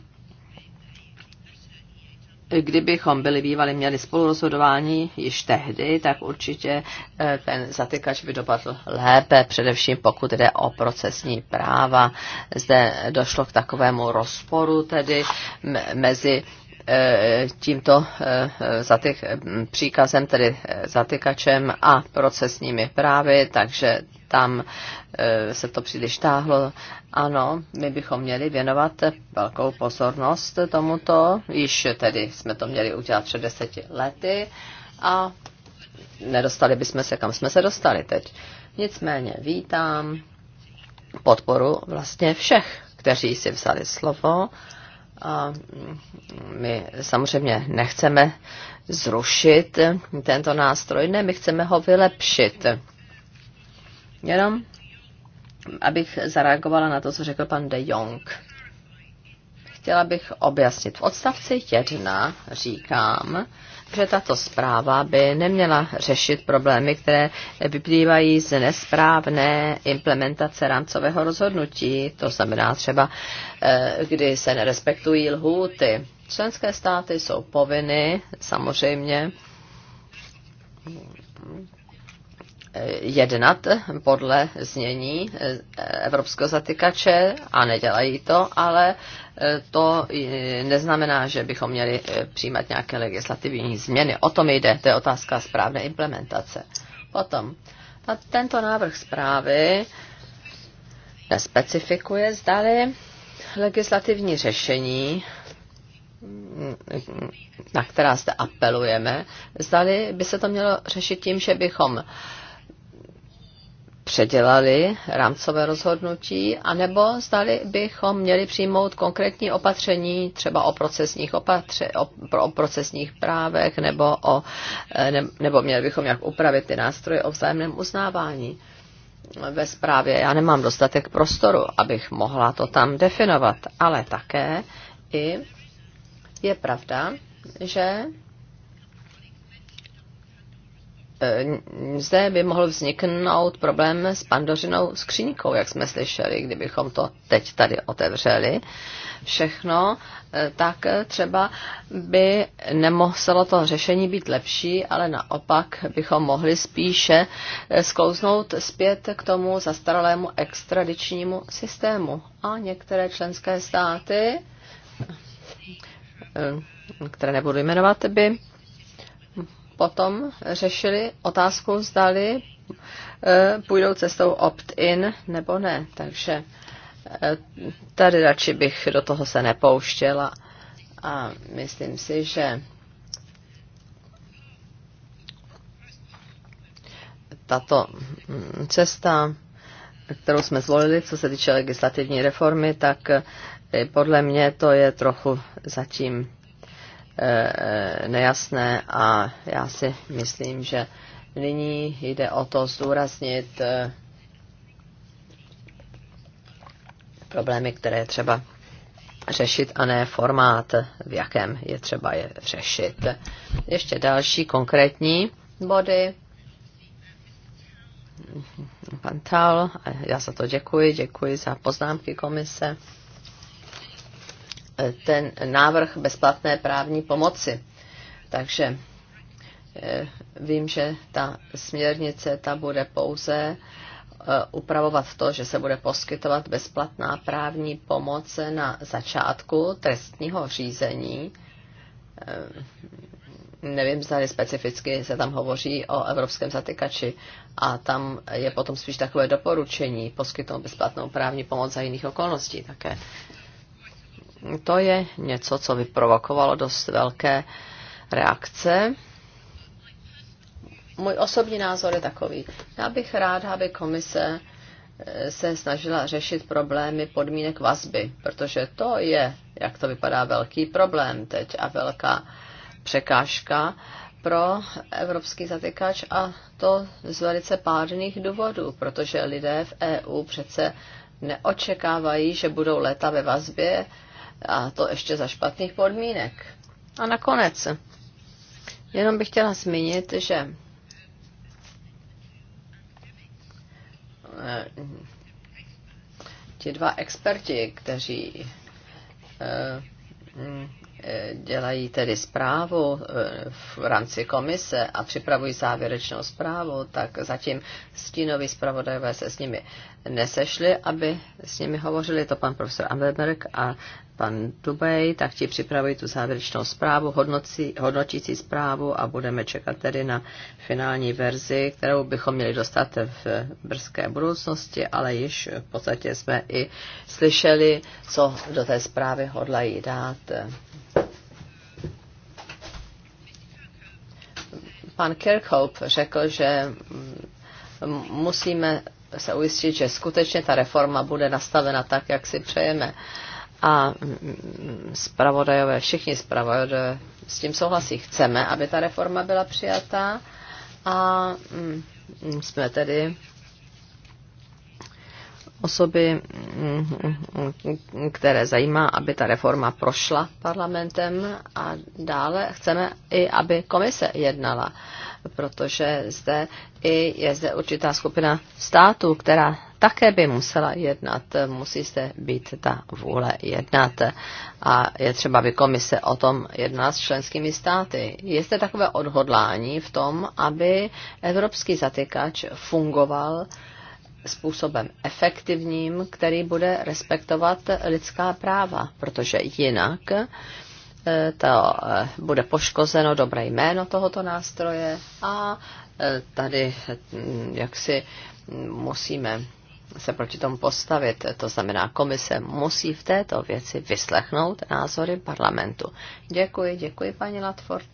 Kdybychom byli bývali měli spolurozhodování již tehdy, tak určitě ten zatykač by dopadl lépe, především pokud jde o procesní práva. Zde došlo k takovému rozporu tedy mezi Eh, tímto eh, zatyk, eh, příkazem, tedy zatykačem a procesními právy, takže tam se to příliš táhlo. Ano, my bychom měli věnovat velkou pozornost tomuto, již tedy jsme to měli udělat před deseti lety a nedostali bychom se, kam jsme se dostali teď. Nicméně vítám podporu vlastně všech, kteří si vzali slovo Mm, my samozřejmě nechceme zrušit tento nástroj, ne, my chceme ho vylepšit. Jenom abych zareagovala na to, co řekl pan De Jong. Chtěla bych objasnit. V odstavci 1 říkám, že tato zpráva by neměla řešit problémy, které vyplývají z nesprávné implementace rámcového rozhodnutí, to znamená třeba, eh, kdy se nerespektují lhůty. Členské státy jsou povinny samozřejmě jednat podle znění eh, evropského zatykače a nedělají to, ale eh, to eh, neznamená, že bychom měli přijímat nějaké legislativní změny. O tom jde, to je otázka správné implementace. Potom, a tento návrh zprávy nespecifikuje, zdali legislativní řešení na která zde apelujeme, zdali by se to mělo řešit tím, že bychom předělali rámcové rozhodnutí, anebo zdali bychom měli přijmout konkrétní opatření třeba o procesních, opatře, o, o procesních právech, nebo, o, e, ne, nebo měli bychom jak upravit ty nástroje o vzájemném uznávání ve zprávě. Já nemám dostatek prostoru, abych mohla to tam definovat, ale také i je pravda, že Eh, zde by mohl vzniknout problém s pandořinou skříňkou, jak jsme slyšeli, kdybychom to teď tady otevřeli všechno, eh, tak třeba by nemuselo to řešení být lepší, ale naopak bychom mohli spíše eh, sklouznout zpět k tomu zastaralému extradičnímu systému. A některé členské státy, které nebudu jmenovat, by potom řešili otázku, zdali e, půjdou cestou opt-in nebo ne. Takže e, tady radši bych do toho se nepouštěla a myslím si, že tato mm, cesta, kterou jsme zvolili, co se týče legislativní reformy, tak e, podle mě to je trochu zatím Eh, eh, nejasné a já si myslím, že nyní jde o to zdůraznit eh, problémy, které je třeba řešit a ne formát, v jakém je třeba je řešit. Ještě další konkrétní body. Pan Tal, já za to děkuji, děkuji za poznámky komise. Eh, ten návrh bezplatné právní pomoci. Takže eh, vím, že ta směrnice ta bude pouze eh, upravovat to, že se bude poskytovat bezplatná právní pomoc na začátku trestního řízení. Nevím, zda specificky se tam hovoří o evropském zatykači a tam je potom spíš takové doporučení poskytnout bezplatnou právní pomoc za jiných okolností také to je něco, co vyprovokovalo dost velké reakce. Můj osobní názor je takový. Já bych rád, aby komise eh, se snažila řešit problémy podmínek vazby, protože to je, jak to vypadá, velký problém teď a velká překážka pro evropský zatykač a to z velice pádných důvodů, protože lidé v EU přece neočekávají, že budou léta ve vazbě a to ještě za špatných podmínek. A nakonec, jenom bych chtěla zmínit, že eh, ti dva experti, kteří eh, mm, dělají tedy zprávu eh, v rámci komise a připravují závěrečnou zprávu, tak zatím stínoví zpravodajové se s nimi nesešli, aby s nimi hovořili, to pan profesor Amberberg a pan Dubej, tak ti připravuji tu závěrečnou zprávu, hodnocí, hodnotící zprávu a budeme čekat tedy na finální verzi, kterou bychom měli dostat v brzké budoucnosti, ale již v podstatě jsme i slyšeli, co do té zprávy hodlají dát. Pan Kirkhope řekl, že musíme se ujistit, že skutečně ta reforma bude nastavena tak, jak si přejeme. Uh, a zpravodajové, všichni zpravodajové s tím souhlasí. Chceme, aby ta reforma byla přijatá a mm, jsme tedy osoby, mm, které zajímá, aby ta reforma prošla parlamentem a dále chceme i, aby komise jednala protože zde i je zde určitá skupina států, která také by musela jednat. Musí zde být ta vůle jednat. A je třeba, aby komise o tom jednala s členskými státy. Je zde takové odhodlání v tom, aby evropský zatykač fungoval způsobem efektivním, který bude respektovat lidská práva, protože jinak E, to e, bude poškozeno dobré jméno tohoto nástroje a e, tady mm, jak si mm, musíme se proti tomu postavit. To znamená, komise musí v této věci vyslechnout názory parlamentu. Děkuji, děkuji, paní Latford.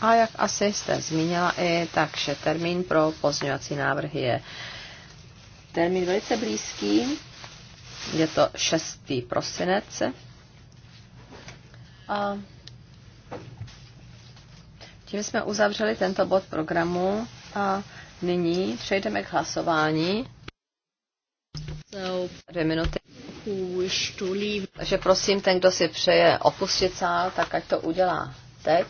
A jak asi jste zmínila i, takže termín pro pozměňovací návrh je termín velice blízký. Je to 6. prosinec a tím jsme uzavřeli tento bod programu a nyní přejdeme k hlasování. Dvě minuty. Takže prosím, ten, kdo si přeje opustit sál, tak ať to udělá teď.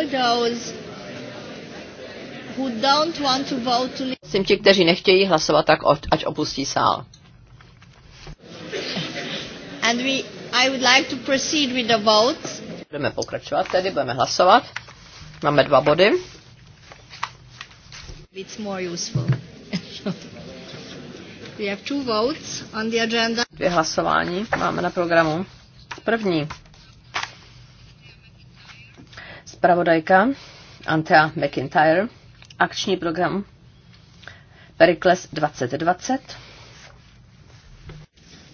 all those who don't want to vote to Jsem ti, kteří nechtějí hlasovat, tak ať opustí sál. And we, I would like to proceed with the vote. Budeme pokračovat, tedy budeme hlasovat. Máme dva body. It's more useful. we have two votes on the agenda. Dvě hlasování máme na programu. První Spravodajka Antea McIntyre, akční program Pericles 2020,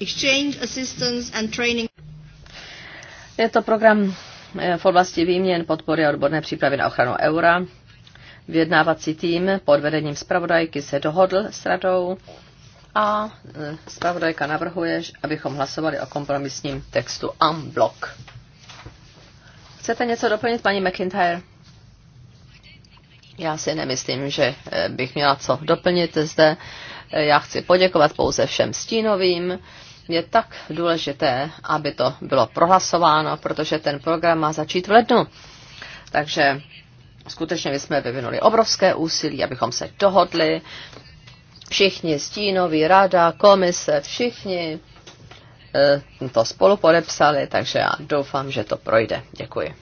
Exchange Assistance and Training. Je to program eh, v oblasti výměn, podpory a odborné přípravy na ochranu eura. Vyjednávací tým pod vedením zpravodajky se dohodl s radou a zpravodajka eh, navrhuje, abychom hlasovali o kompromisním textu unblock. Chcete něco doplnit, paní McIntyre? Já si nemyslím, že eh, bych měla co doplnit zde. Eh, já chci poděkovat pouze všem stínovým. Je tak důležité, aby to bylo prohlasováno, protože ten program má začít v lednu. Takže skutečně bychom jsme vyvinuli obrovské úsilí, abychom se dohodli. Všichni stínoví, rada, komise, všichni Eh, to spolu podepsali, takže já doufám, že to projde. Děkuji.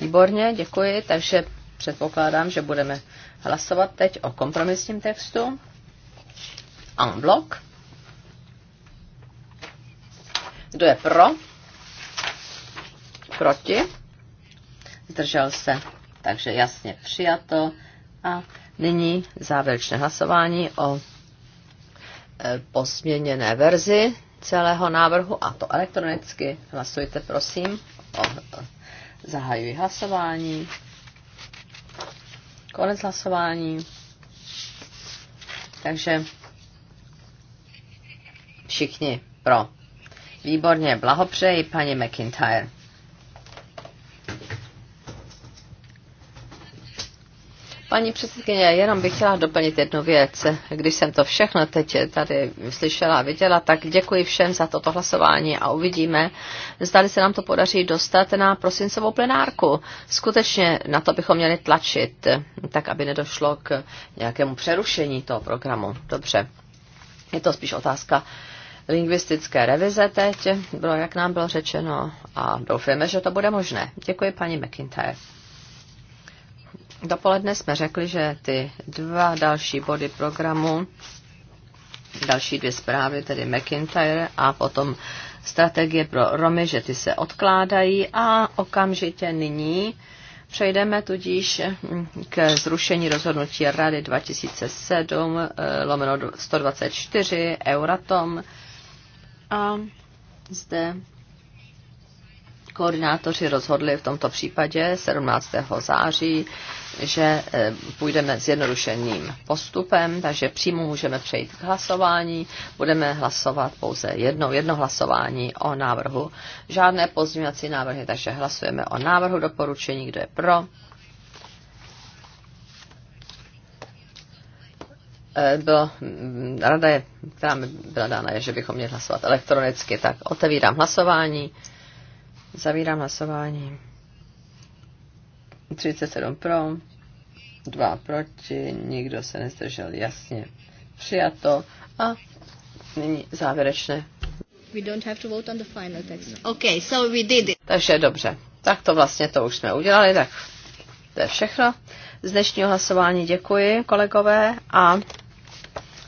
Výborně, děkuji, takže předpokládám, že budeme hlasovat teď o kompromisním textu. En bloc. Kdo je pro? Proti? Zdržel se. Takže jasně přijato. A nyní závěrečné hlasování o eh, pozměněné verzi celého návrhu a to elektronicky. Hlasujte, prosím. Zahajuji hlasování. Konec hlasování. Takže všichni pro. Výborně, blahopřeji paní McIntyre. Paní předsedkyně, jenom bych chtěla doplnit jednu věc. Když jsem to všechno teď tady slyšela a viděla, tak děkuji všem za toto hlasování a uvidíme, zdali se nám to podaří dostat na prosincovou plenárku. Skutečně na to bychom měli tlačit, tak aby nedošlo k nějakému přerušení toho programu. Dobře. Je to spíš otázka lingvistické revize teď, bylo, jak nám bylo řečeno, a doufáme, že to bude možné. Děkuji paní McIntyre. Dopoledne jsme řekli, že ty dva další body programu, další dvě zprávy, tedy McIntyre a potom strategie pro Romy, že ty se odkládají a okamžitě nyní Přejdeme tudíž k zrušení rozhodnutí Rady 2007 eh, lomeno 124 Euratom. A zde Koordinátoři rozhodli v tomto případě 17. září, že eh, půjdeme zjednodušeným postupem, takže přímo můžeme přejít k hlasování. Budeme hlasovat pouze jednou, jedno hlasování o návrhu. Žádné pozměňovací návrhy, takže hlasujeme o návrhu doporučení, kdo je pro. Eh, bylo, mm, rada, je, která mi byla dána, je, že bychom měli hlasovat elektronicky, tak otevírám hlasování. Zavírám hlasování. 37 pro, 2 proti, nikdo se nezdržel, jasně. Přijato a nyní závěrečné. We don't have to vote on the final text. Okay, so we did it. Takže dobře, tak to vlastně to už jsme udělali, tak to je všechno. Z dnešního hlasování děkuji, kolegové, a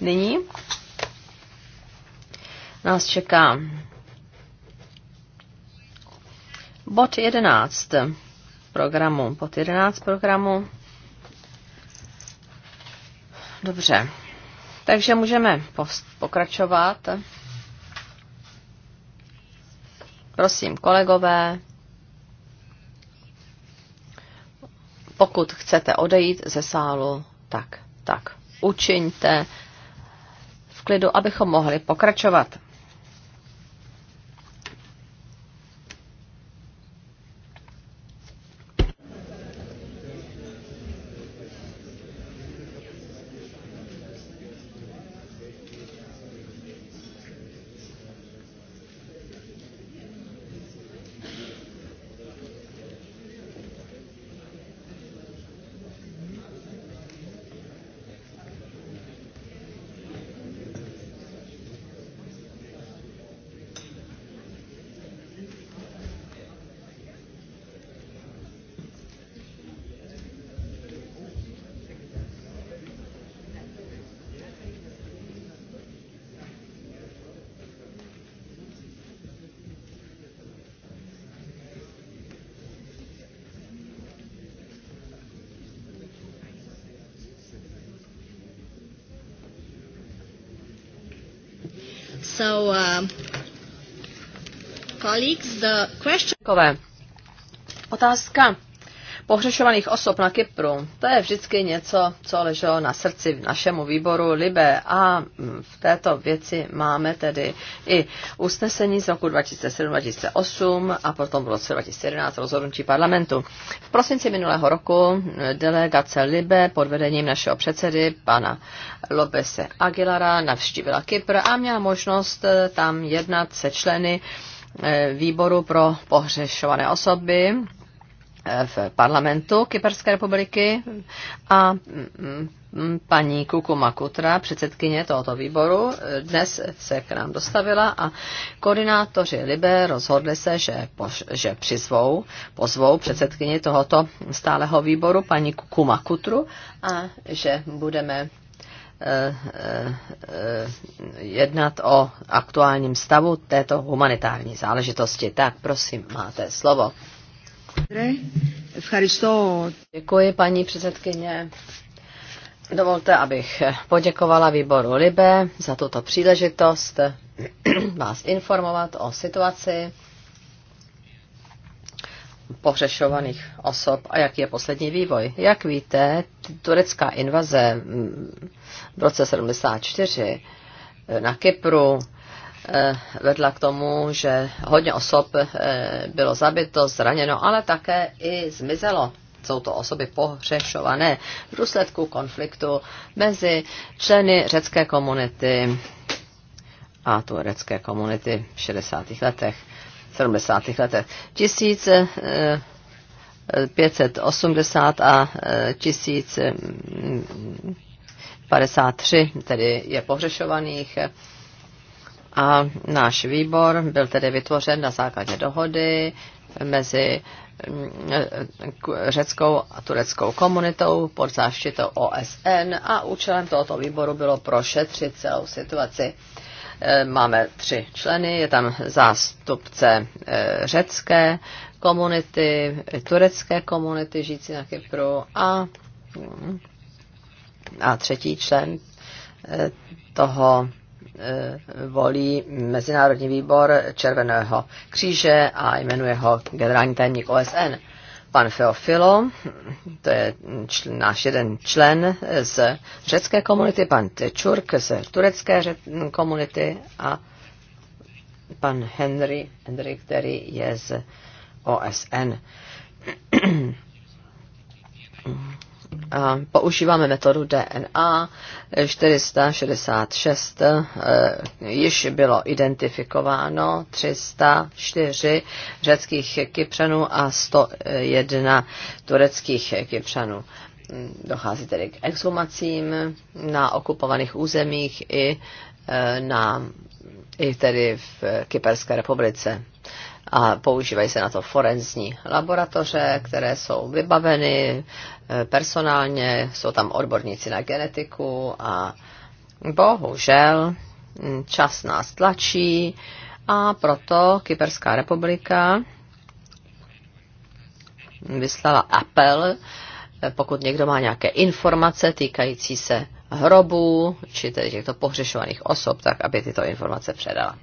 nyní nás čeká Bod 11 programu. Bod 11 programu. Dobře. Takže můžeme pokračovat. Prosím, kolegové, pokud chcete odejít ze sálu, tak, tak, učiňte v klidu, abychom mohli pokračovat. colleagues, Otázka pohřešovaných osob na Kypru. To je vždycky něco, co leželo na srdci v našemu výboru Libe a mm, v této věci máme tedy i usnesení z roku 2007-2008 a potom v roce 2011 rozhodnutí parlamentu. V prosinci minulého roku delegace Libe pod vedením našeho předsedy pana Lobese Aguilara navštívila Kypr a měla možnost eh, tam jednat se členy Eh, výboru pro pohřešované osoby eh, v parlamentu Kyperské republiky a mm, mm, paní Kuku Makutra, předsedkyně tohoto výboru, eh, dnes se k nám dostavila a koordinátoři Libe rozhodli se, že, poš, že přizvou, pozvou předsedkyni tohoto stáleho výboru, paní Kuku Makutru, a že budeme Eh, eh, eh, jednat o aktuálním stavu této humanitární záležitosti. Tak prosím, máte slovo. Děkuji, paní předsedkyně. Dovolte, abych poděkovala výboru Libe za tuto příležitost vás informovat o situaci pohřešovaných osob a jaký je poslední vývoj. Jak víte, turecká invaze mm, v roce 74 eh, na Kypru eh, vedla k tomu, že hodně osob eh, bylo zabito, zraněno, ale také i zmizelo. Jsou to osoby pohřešované v důsledku konfliktu mezi členy řecké komunity a turecké komunity v 60. letech. 70. letech. 1580 eh, eh, a 1053 eh, tedy je pohřešovaných. A náš výbor byl tedy vytvořen na základě dohody mezi mm, řeckou a tureckou komunitou pod záštitou OSN a účelem tohoto výboru bylo prošetřit celou situaci. Eh, máme tři členy, je tam zástupce eh, řecké komunity, turecké komunity žijící na Kypru a, mm, a třetí člen eh, toho volí Mezinárodní výbor Červeného kříže a jmenuje ho generální tajemník OSN pan Feofilo, to je čl- náš jeden člen z řecké komunity, pan Tečurk z turecké komunity a pan Henry, Henry, který je z OSN a používáme metodu DNA 466, eh, již bylo identifikováno 304 řeckých kypřanů a 101 tureckých kypřanů. Dochází tedy k exhumacím na okupovaných územích i eh, na i tedy v Kyperské republice a používají se na to forenzní laboratoře, které jsou vybaveny eh, personálně, jsou tam odborníci na genetiku a bohužel hm, čas nás tlačí a proto Kyperská republika vyslala apel, eh, pokud někdo má nějaké informace týkající se hrobů, či tedy těchto pohřešovaných osob, tak aby tyto informace předala.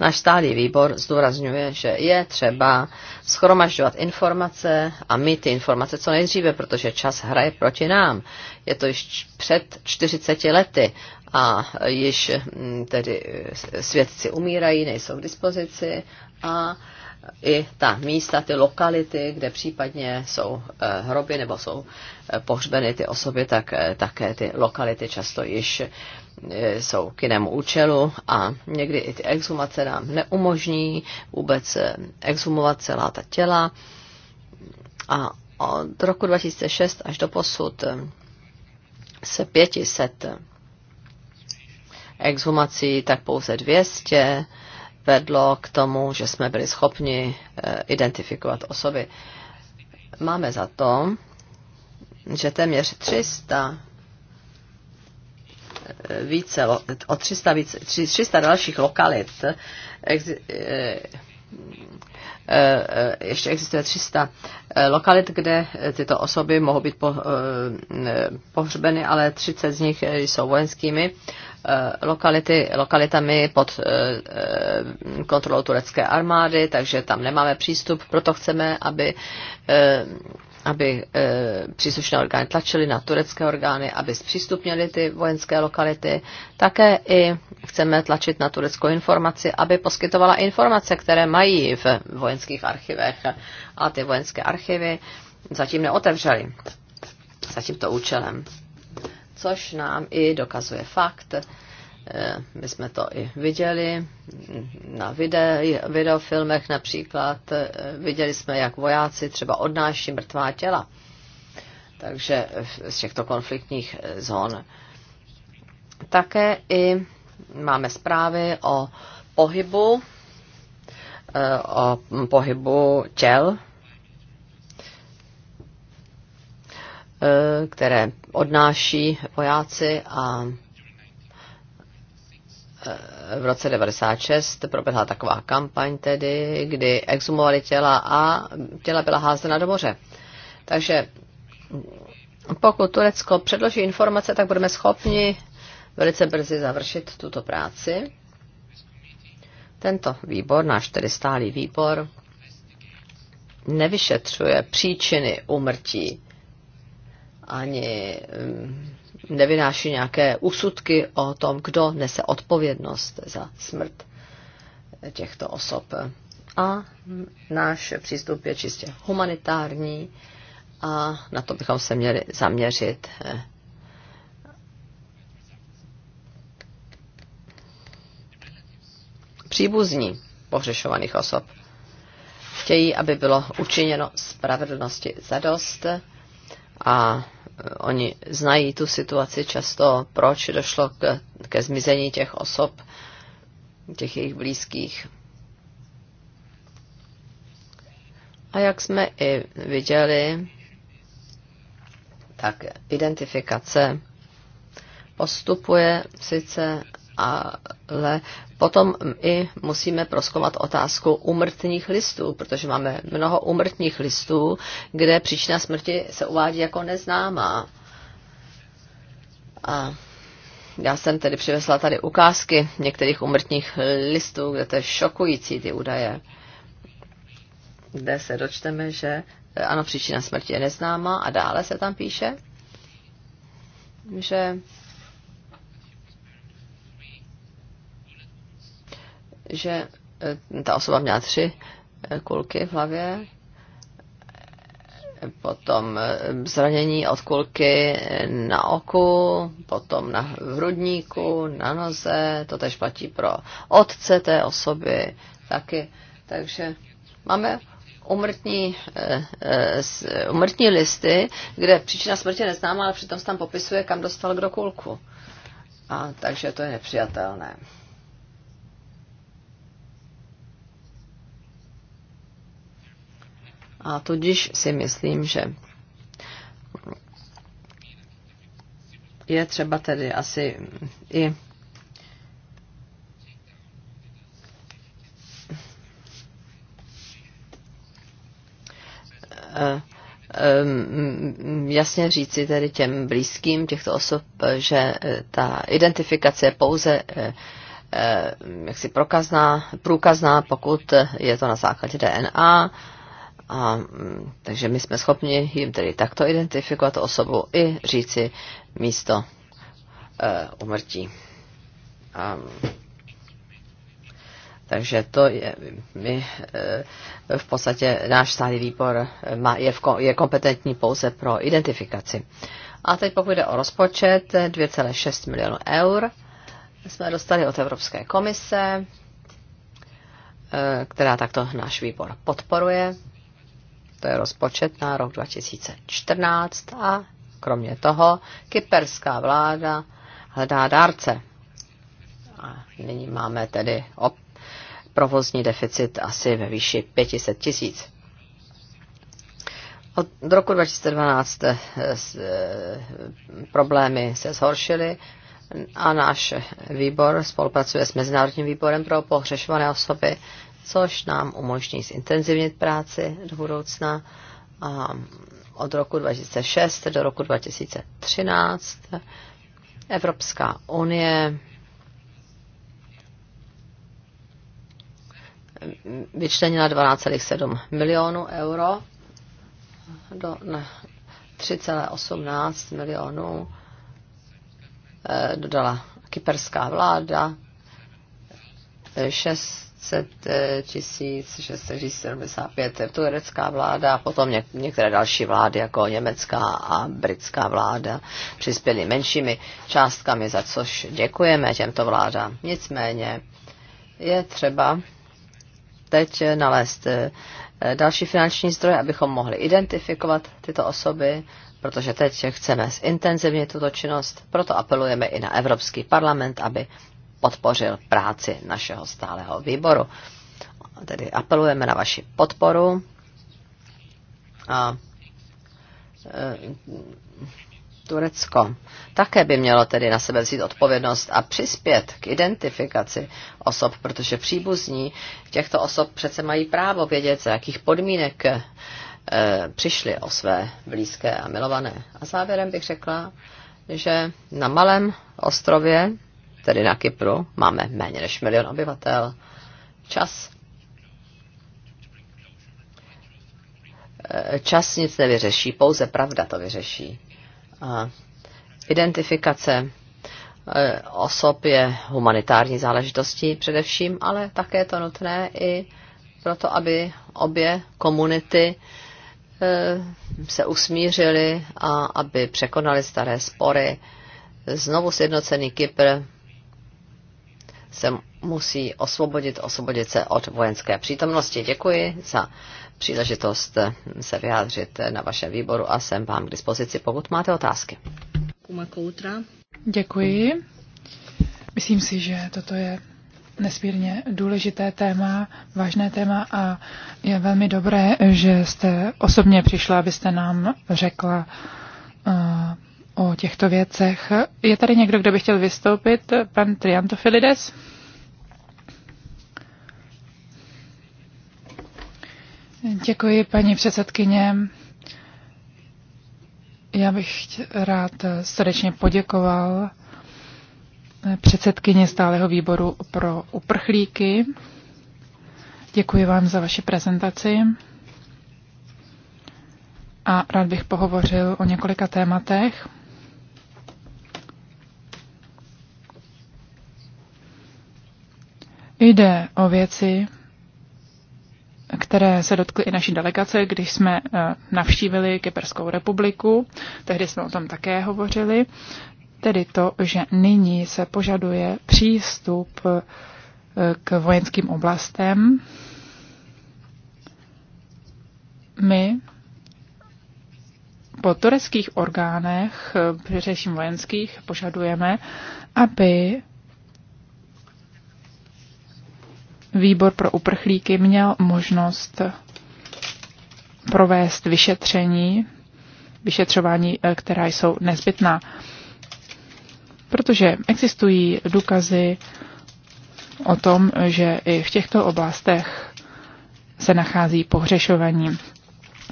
Náš stálý výbor zdůrazňuje, že je třeba schromažďovat informace a mít ty informace co nejdříve, protože čas hraje proti nám. Je to již před 40 lety a již mm, tedy svědci umírají, nejsou k dispozici a i ta místa, ty lokality, kde případně jsou eh, hroby nebo jsou eh, pohřbeny ty osoby, tak eh, také ty lokality často již Eh, jsou k jinému účelu a někdy i ty exhumace nám neumožní vůbec eh, exhumovat celá ta těla. A od roku 2006 až do posud eh, se 500 exhumací, tak pouze 200 vedlo k tomu, že jsme byli schopni identifikovat osoby. Máme za to, že téměř 300 více, o 300, více, 300 dalších lokalit eh, eh, ještě existuje 300 eh, lokalit, kde tyto osoby mohou být pohřbeny, ale 30 z nich jsou vojenskými lokality, lokalitami pod kontrolou turecké armády, takže tam nemáme přístup, proto chceme, aby aby e, příslušné orgány tlačily na turecké orgány, aby zpřístupnili ty vojenské lokality. Také i chceme tlačit na tureckou informaci, aby poskytovala informace, které mají v vojenských archivech. A ty vojenské archivy zatím neotevřely za tímto účelem. Což nám i dokazuje fakt, Eh, my jsme to i viděli na vide, videofilmech například. Eh, viděli jsme, jak vojáci třeba odnáší mrtvá těla. Takže z těchto konfliktních eh, zón. Také i máme zprávy o pohybu, o pohybu těl, které odnáší vojáci a Eh, v roce 96 proběhla taková kampaň tedy, kdy exhumovali těla a těla byla házena do moře. Takže pokud Turecko předloží informace, tak budeme schopni velice brzy završit tuto práci. Tento výbor, náš tedy stálý výbor, nevyšetřuje příčiny umrtí ani um, nevynáší nějaké úsudky o tom, kdo nese odpovědnost za smrt těchto osob. A náš přístup je čistě humanitární a na to bychom se měli zaměřit. Příbuzní pohřešovaných osob chtějí, aby bylo učiněno spravedlnosti zadost a Eh, oni znají tu situaci často, proč došlo k, ke zmizení těch osob, těch jejich blízkých. A jak jsme i viděli, tak identifikace postupuje sice, ale potom i musíme proskoumat otázku umrtních listů, protože máme mnoho umrtních listů, kde příčina smrti se uvádí jako neznámá. A já jsem tedy přivezla tady ukázky některých umrtních listů, kde to je šokující ty údaje, kde se dočteme, že ano, příčina smrti je neznámá a dále se tam píše, že že eh, ta osoba měla tři eh, kulky v hlavě, potom eh, zranění od kulky na oku, potom na hrudníku, na noze, to tež platí pro otce té osoby taky. Takže máme umrtní, umrtní listy, kde příčina smrti neznámá, ale přitom se tam popisuje, kam dostal kdo kulku. A, takže to je nepřijatelné. A tudíž si myslím, že je třeba tedy asi i eh, eh, jasně říci tedy těm blízkým těchto osob, že ta identifikace je pouze eh, jaksi prokazná, průkazná, pokud je to na základě DNA, a, mm, takže my jsme schopni jim tedy takto identifikovat osobu i říci místo e, umrtí. A, takže to je, my e, v podstatě náš stálý výbor e, má, je, v, je kompetentní pouze pro identifikaci. A teď pokud jde o rozpočet, 2,6 e, milionů eur jsme dostali od Evropské komise, která takto náš výbor podporuje to je rozpočet na rok 2014 a kromě toho kyperská vláda hledá dárce. A nyní máme tedy op- provozní deficit asi ve výši 500 tisíc. Od roku 2012 eh, eh, problémy se zhoršily a náš výbor spolupracuje s Mezinárodním výborem pro pohřešované osoby což nám umožní zintenzivnit práci do budoucna. A od roku 2006 do roku 2013 Evropská unie vyčlenila 12,7 milionů euro do 3,18 milionů eh, dodala kyperská vláda 6 675 turecká vláda a potom některé další vlády, jako německá a britská vláda, přispěly menšími částkami, za což děkujeme těmto vládám. Nicméně je třeba teď nalézt eh, další finanční zdroje, abychom mohli identifikovat tyto osoby, protože teď chceme zintenzivnit tuto činnost, proto apelujeme i na Evropský parlament, aby podpořil práci našeho stáleho výboru. Tedy apelujeme na vaši podporu a e, Turecko také by mělo tedy na sebe vzít odpovědnost a přispět k identifikaci osob, protože příbuzní těchto osob přece mají právo vědět, za jakých podmínek e, přišli o své blízké a milované. A závěrem bych řekla, že na malém ostrově tedy na Kypru, máme méně než milion obyvatel. Čas. Eh, čas nic nevyřeší, pouze pravda to vyřeší. identifikace eh, osob je humanitární záležitostí především, ale také je to nutné i proto, aby obě komunity eh, se usmířily a aby překonali staré spory. Znovu sjednocený Kypr se musí osvobodit, osvobodit se od vojenské přítomnosti. Děkuji za příležitost se vyjádřit na vašem výboru a jsem vám k dispozici, pokud máte otázky. Děkuji. Myslím si, že toto je nesmírně důležité téma, vážné téma a je velmi dobré, že jste osobně přišla, abyste nám řekla uh, o těchto věcech. Je tady někdo, kdo by chtěl vystoupit? Pan Triantofilides? Děkuji, paní předsedkyně. Já bych rád srdečně poděkoval předsedkyně stáleho výboru pro uprchlíky. Děkuji vám za vaši prezentaci. A rád bych pohovořil o několika tématech. Jde o věci, které se dotkly i naší delegace, když jsme eh, navštívili Kyperskou republiku. Tehdy jsme o tom také hovořili. Tedy to, že nyní se požaduje přístup eh, k vojenským oblastem. My po tureckých orgánech, eh, především vojenských, požadujeme, aby výbor pro uprchlíky měl možnost provést vyšetření, vyšetřování, eh, která jsou nezbytná. Protože existují důkazy o tom, že i v těchto oblastech se nachází pohřešování.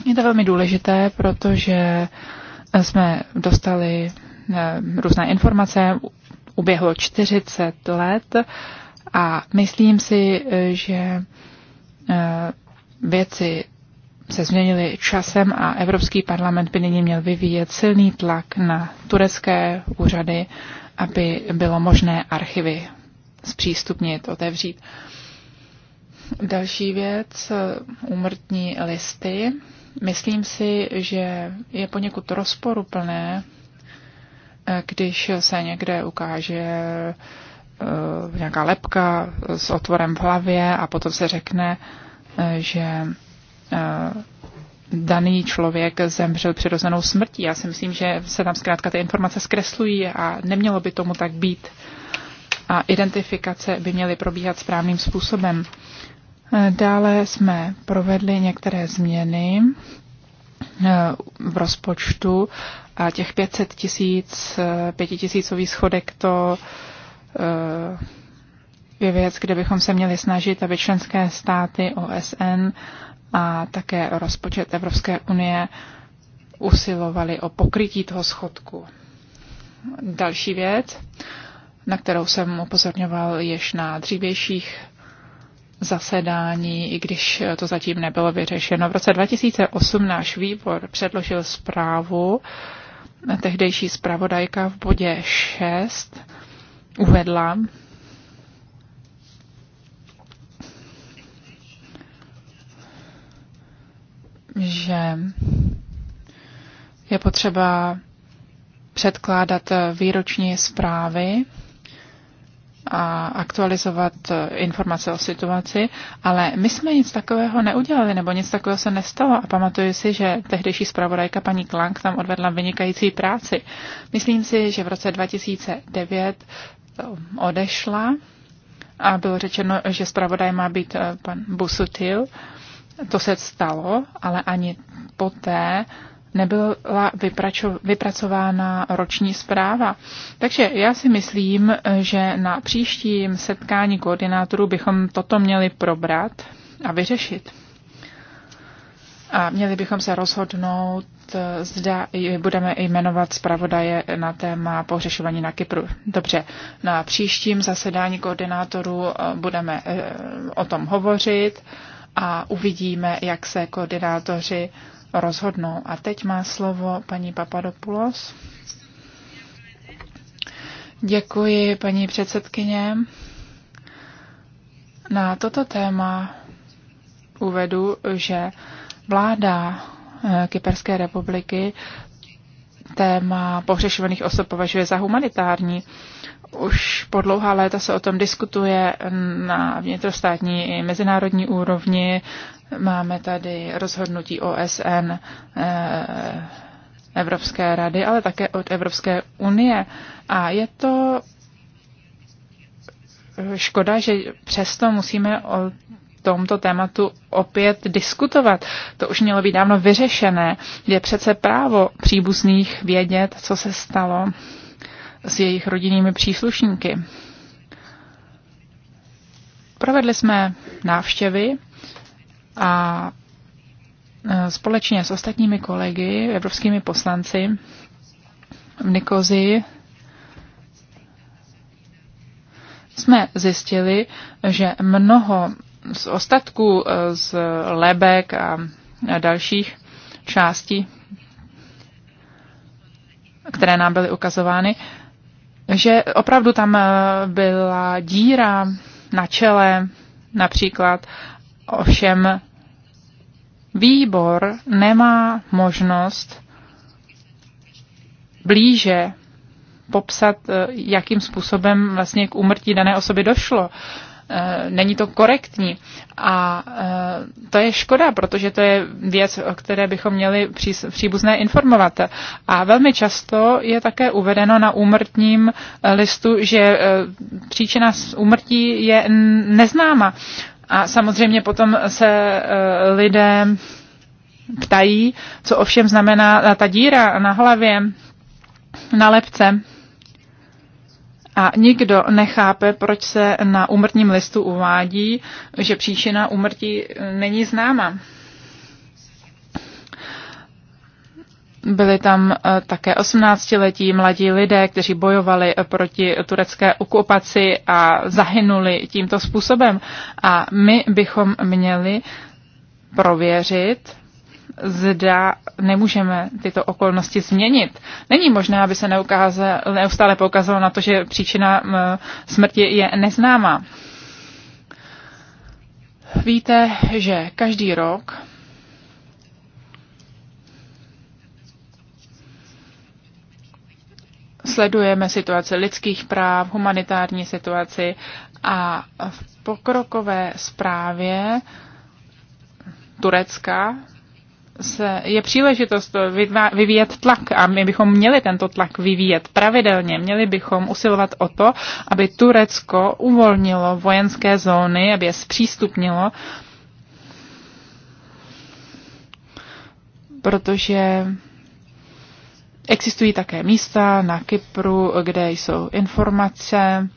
Je to velmi důležité, protože jsme dostali eh, různé informace, uběhlo 40 let a myslím si, eh, že eh, věci se změnily časem a Evropský parlament by nyní měl vyvíjet silný tlak na turecké úřady, aby bylo možné archivy zpřístupnit, otevřít. Další věc, eh, úmrtní listy. Myslím si, že je poněkud rozporuplné, když se někde ukáže Eh, nějaká lepka s otvorem v hlavě a potom se řekne, eh, že eh, daný člověk zemřel přirozenou smrtí. Já si myslím, že se tam zkrátka ty informace zkreslují a nemělo by tomu tak být. A identifikace by měly probíhat správným způsobem. Dále jsme provedli některé změny v rozpočtu a těch 500 tisíc, pětitisícový schodek to Eh, je věc, kde bychom se měli snažit, aby členské státy OSN a také rozpočet Evropské unie usilovali o pokrytí toho schodku. Další věc, na kterou jsem upozorňoval již na dřívějších zasedání, i když to zatím nebylo vyřešeno. V roce 2008 náš výbor předložil zprávu, tehdejší zpravodajka v bodě 6 uvedla, že je potřeba předkládat výroční zprávy a aktualizovat informace o situaci, ale my jsme nic takového neudělali, nebo nic takového se nestalo a pamatuju si, že tehdejší zpravodajka paní Klank tam odvedla vynikající práci. Myslím si, že v roce 2009 odešla a bylo řečeno, že zpravodaj má být eh, pan Busutil. To se stalo, ale ani poté nebyla vypracována roční zpráva. Takže já si myslím, že na příštím setkání koordinátorů bychom toto měli probrat a vyřešit. A měli bychom se rozhodnout, eh, zda budeme jmenovat zpravodaje na téma pohřešování na Kypru. Dobře, na příštím zasedání koordinátorů eh, budeme eh, o tom hovořit a uvidíme, jak se koordinátoři rozhodnou. A teď má slovo paní Papadopoulos. Děkuji, paní předsedkyně. Na toto téma uvedu, že Vláda eh, Kyperské republiky téma pohřešovaných osob považuje za humanitární. Už po dlouhá léta se o tom diskutuje na vnitrostátní i mezinárodní úrovni. Máme tady rozhodnutí OSN, eh, Evropské rady, ale také od Evropské unie. A je to škoda, že přesto musíme o tomto tématu opět diskutovat. To už mělo být dávno vyřešené. Je přece právo příbuzných vědět, co se stalo s jejich rodinnými příslušníky. Provedli jsme návštěvy a e, společně s ostatními kolegy, evropskými poslanci v Nikozi jsme zjistili, že mnoho z ostatků eh, z lebek a dalších částí, které nám byly ukazovány, že opravdu tam eh, byla díra na čele například, ovšem výbor nemá možnost blíže popsat, eh, jakým způsobem vlastně k úmrtí dané osoby došlo. Eh, není to korektní. A eh, to je škoda, protože to je věc, o které bychom měli příbuzné informovat. A velmi často je také uvedeno na úmrtním eh, listu, že příčina úmrtí je neznáma. A samozřejmě potom se lidé ptají, co ovšem znamená ta díra na hlavě, na lepce. A nikdo nechápe, proč se na úmrtním listu uvádí, že příčina úmrtí není známa. Byli tam eh, také 18-letí mladí lidé, kteří bojovali eh, proti turecké okupaci a zahynuli tímto způsobem. A my bychom měli prověřit, zda nemůžeme tyto okolnosti změnit. Není možné, aby se neukázal, neustále poukazovalo na to, že příčina smrti je neznámá. Víte, že každý rok sledujeme situaci lidských práv, humanitární situaci a v pokrokové zprávě Turecka se, je příležitost vyvíjet tlak a my bychom měli tento tlak vyvíjet pravidelně. Měli bychom usilovat o to, aby Turecko uvolnilo vojenské zóny, aby je zpřístupnilo, protože existují také místa na Kypru, kde jsou informace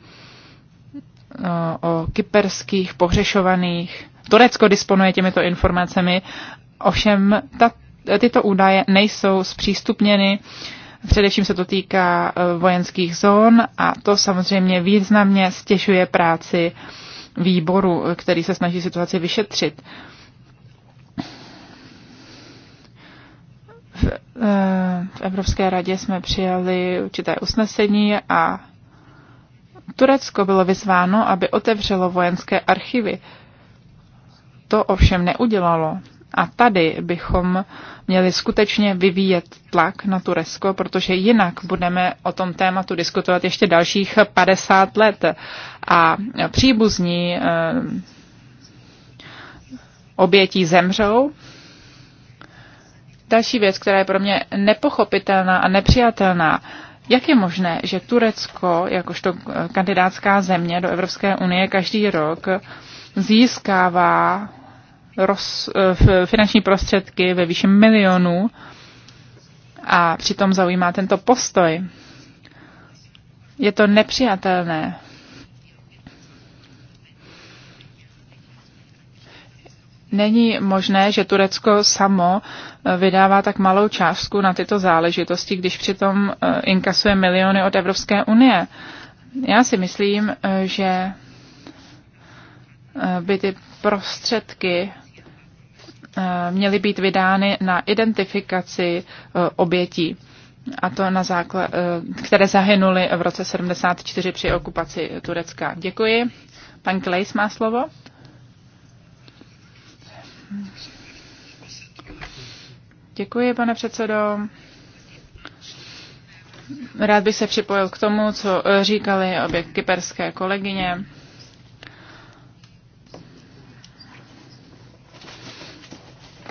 eh, o kyperských pohřešovaných Turecko disponuje těmito informacemi Ovšem, ta, tyto údaje nejsou zpřístupněny. Především se to týká e, vojenských zón a to samozřejmě významně stěžuje práci výboru, který se snaží situaci vyšetřit. V, e, v Evropské radě jsme přijali určité usnesení a Turecko bylo vyzváno, aby otevřelo vojenské archivy. To ovšem neudělalo. A tady bychom měli skutečně vyvíjet tlak na Turecko, protože jinak budeme o tom tématu diskutovat ještě dalších 50 let. A příbuzní eh, obětí zemřou. Další věc, která je pro mě nepochopitelná a nepřijatelná, jak je možné, že Turecko, jakožto kandidátská země do Evropské unie, každý rok získává roz, eh, finanční prostředky ve výši milionů a přitom zaujímá tento postoj. Je to nepřijatelné. Není možné, že Turecko samo eh, vydává tak malou částku na tyto záležitosti, když přitom eh, inkasuje miliony od Evropské unie. Já si myslím, že by ty prostředky Eh, měly být vydány na identifikaci eh, obětí a to na základ, eh, které zahynuly v roce 74 při okupaci Turecka. Děkuji. Pan Klejs má slovo. Děkuji, pane předsedo. Rád bych se připojil k tomu, co říkali obě kyperské kolegyně.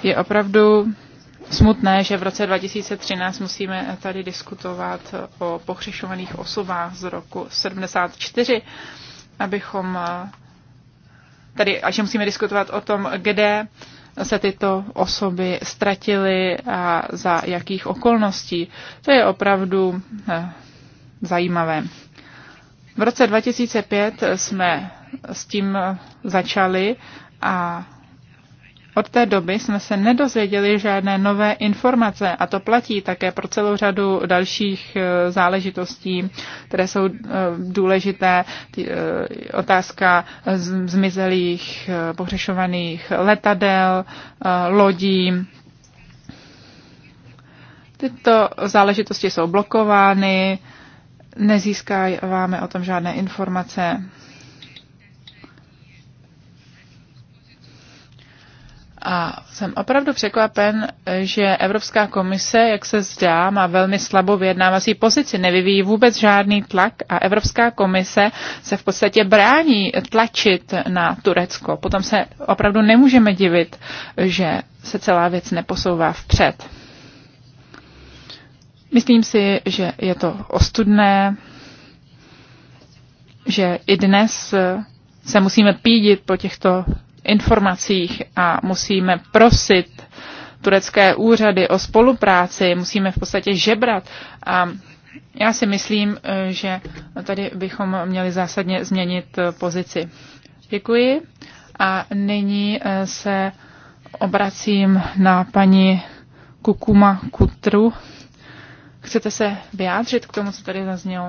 Je opravdu smutné, že v roce 2013 musíme tady diskutovat o pohřešovaných osobách z roku 74, abychom tady, a že musíme diskutovat o tom, kde se tyto osoby ztratily a za jakých okolností. To je opravdu eh, zajímavé. V roce 2005 jsme s tím začali a od té doby jsme se nedozvěděli žádné nové informace a to platí také pro celou řadu dalších e, záležitostí, které jsou e, důležité. E, otázka zmizelých, pohřešovaných letadel, lodí. Tyto záležitosti jsou blokovány, nezískáváme o tom žádné informace. A jsem opravdu překvapen, že Evropská komise, jak se zdá, má velmi slabou vyjednávací pozici, nevyvíjí vůbec žádný tlak a Evropská komise se v podstatě brání tlačit na Turecko. Potom se opravdu nemůžeme divit, že se celá věc neposouvá vpřed. Myslím si, že je to ostudné, že i dnes se musíme pídit po těchto informacích a musíme prosit turecké úřady o spolupráci, musíme v podstatě žebrat. A já si myslím, eh, že tady bychom měli zásadně změnit eh, pozici. Děkuji. A nyní eh, se obracím na paní Kukuma Kutru. Chcete se vyjádřit k tomu, co tady zaznělo?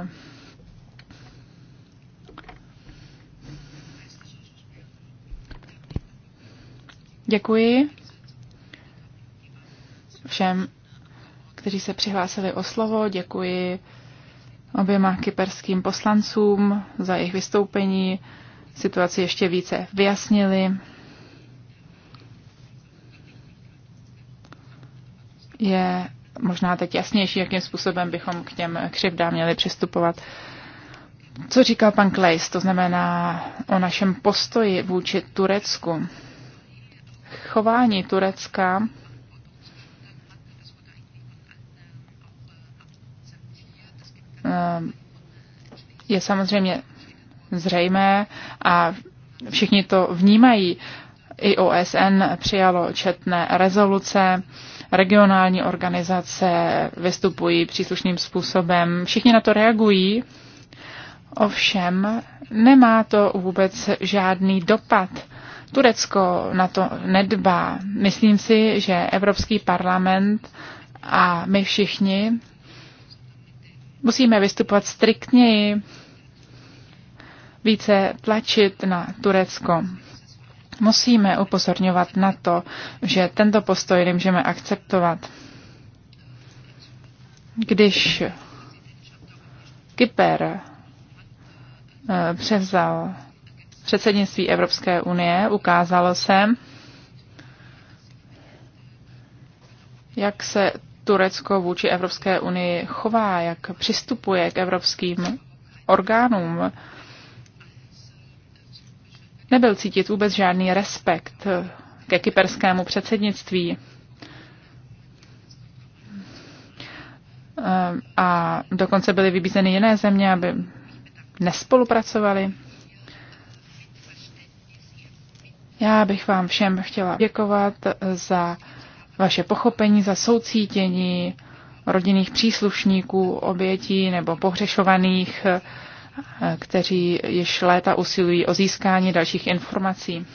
Děkuji všem, kteří se přihlásili o slovo. Děkuji oběma kyperským poslancům za jejich vystoupení. Situaci ještě více vyjasnili. Je možná teď jasnější, jakým způsobem bychom k těm křivdám měli přistupovat. Co říkal pan Klejs, to znamená o našem postoji vůči Turecku chování Turecka eh, je samozřejmě zřejmé a všichni to vnímají. I OSN přijalo četné rezoluce, regionální organizace vystupují příslušným způsobem, všichni na to reagují, ovšem nemá to vůbec žádný dopad Turecko na to nedbá. Myslím si, že Evropský parlament a my všichni musíme vystupovat striktněji, více tlačit na Turecko. Musíme upozorňovat na to, že tento postoj nemůžeme akceptovat. Když Kyper eh, převzal předsednictví Evropské unie ukázalo se, jak se Turecko vůči Evropské unii chová, jak přistupuje k evropským orgánům. Nebyl cítit vůbec žádný respekt ke kyperskému předsednictví. Ehm, a dokonce byly vybízeny jiné země, aby nespolupracovali. Já bych vám všem chtěla děkovat za vaše pochopení, za soucítění rodinných příslušníků, obětí nebo pohřešovaných, kteří již léta usilují o získání dalších informací.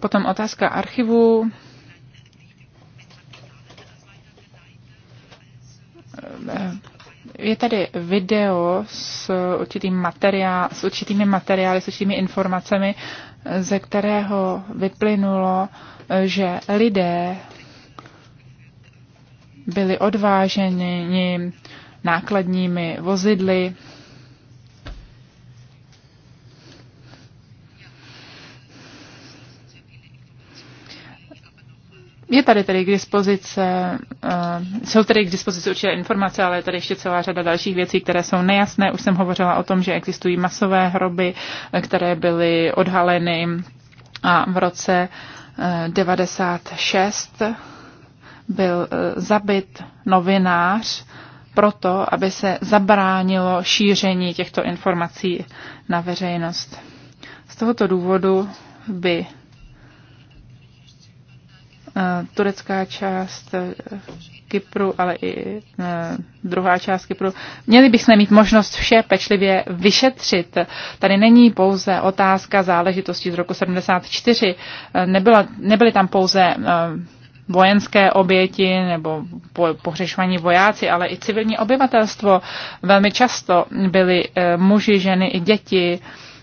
Potom otázka archivu je tady video s, určitým materiál, s určitými materiály, s určitými informacemi, ze kterého vyplynulo, že lidé byli odváženi nákladními vozidly Je tady tedy k dispozice, uh, jsou tady k dispozici určitě informace, ale je tady ještě celá řada dalších věcí, které jsou nejasné. Už jsem hovořila o tom, že existují masové hroby, které byly odhaleny a v roce uh, eh, 96 byl uh, zabit novinář proto, aby se zabránilo šíření těchto informací na veřejnost. Z tohoto důvodu by Eh, turecká část eh, Kypru, ale i eh, druhá část Kypru. Měli bychom mít možnost vše pečlivě vyšetřit. Tady není pouze otázka záležitostí z roku 74. Nebyla, nebyly tam pouze vojenské oběti nebo pohřešovaní vojáci, ale i civilní obyvatelstvo. Velmi často byli muži, ženy i děti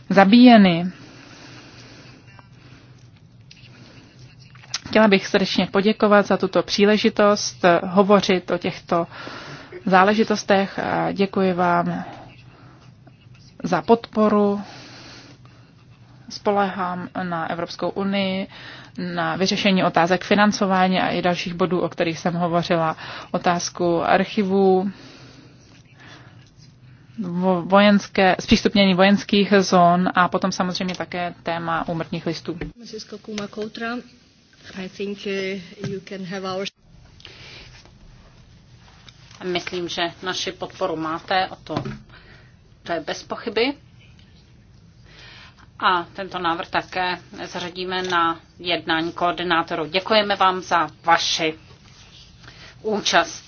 zabíjeny Chtěla bych srdečně poděkovat za tuto příležitost eh, hovořit o těchto záležitostech a děkuji vám za podporu. Spolehám na Evropskou unii, na vyřešení otázek financování a i dalších bodů, o kterých jsem hovořila, otázku archivů, vojenské, zpřístupnění vojenských zón a potom samozřejmě také téma úmrtních listů. I think uh, you can have our... Myslím, že naši podporu máte, o to, to je bez pochyby. A tento návrh také zařadíme na jednání koordinátorů. Děkujeme vám za vaši účast.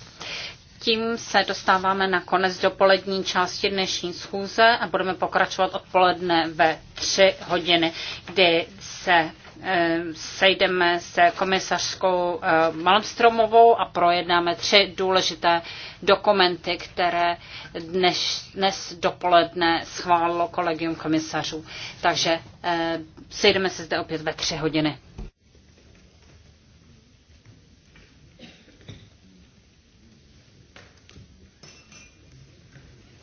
Tím se dostáváme na konec dopolední části dnešní schůze a budeme pokračovat odpoledne ve 3 hodiny, kdy se Eh, sejdeme se komisařskou eh, Malmstromovou a projednáme tři důležité dokumenty, které dnes, dnes dopoledne schválilo kolegium komisařů. Takže eh, sejdeme se zde opět ve tři hodiny.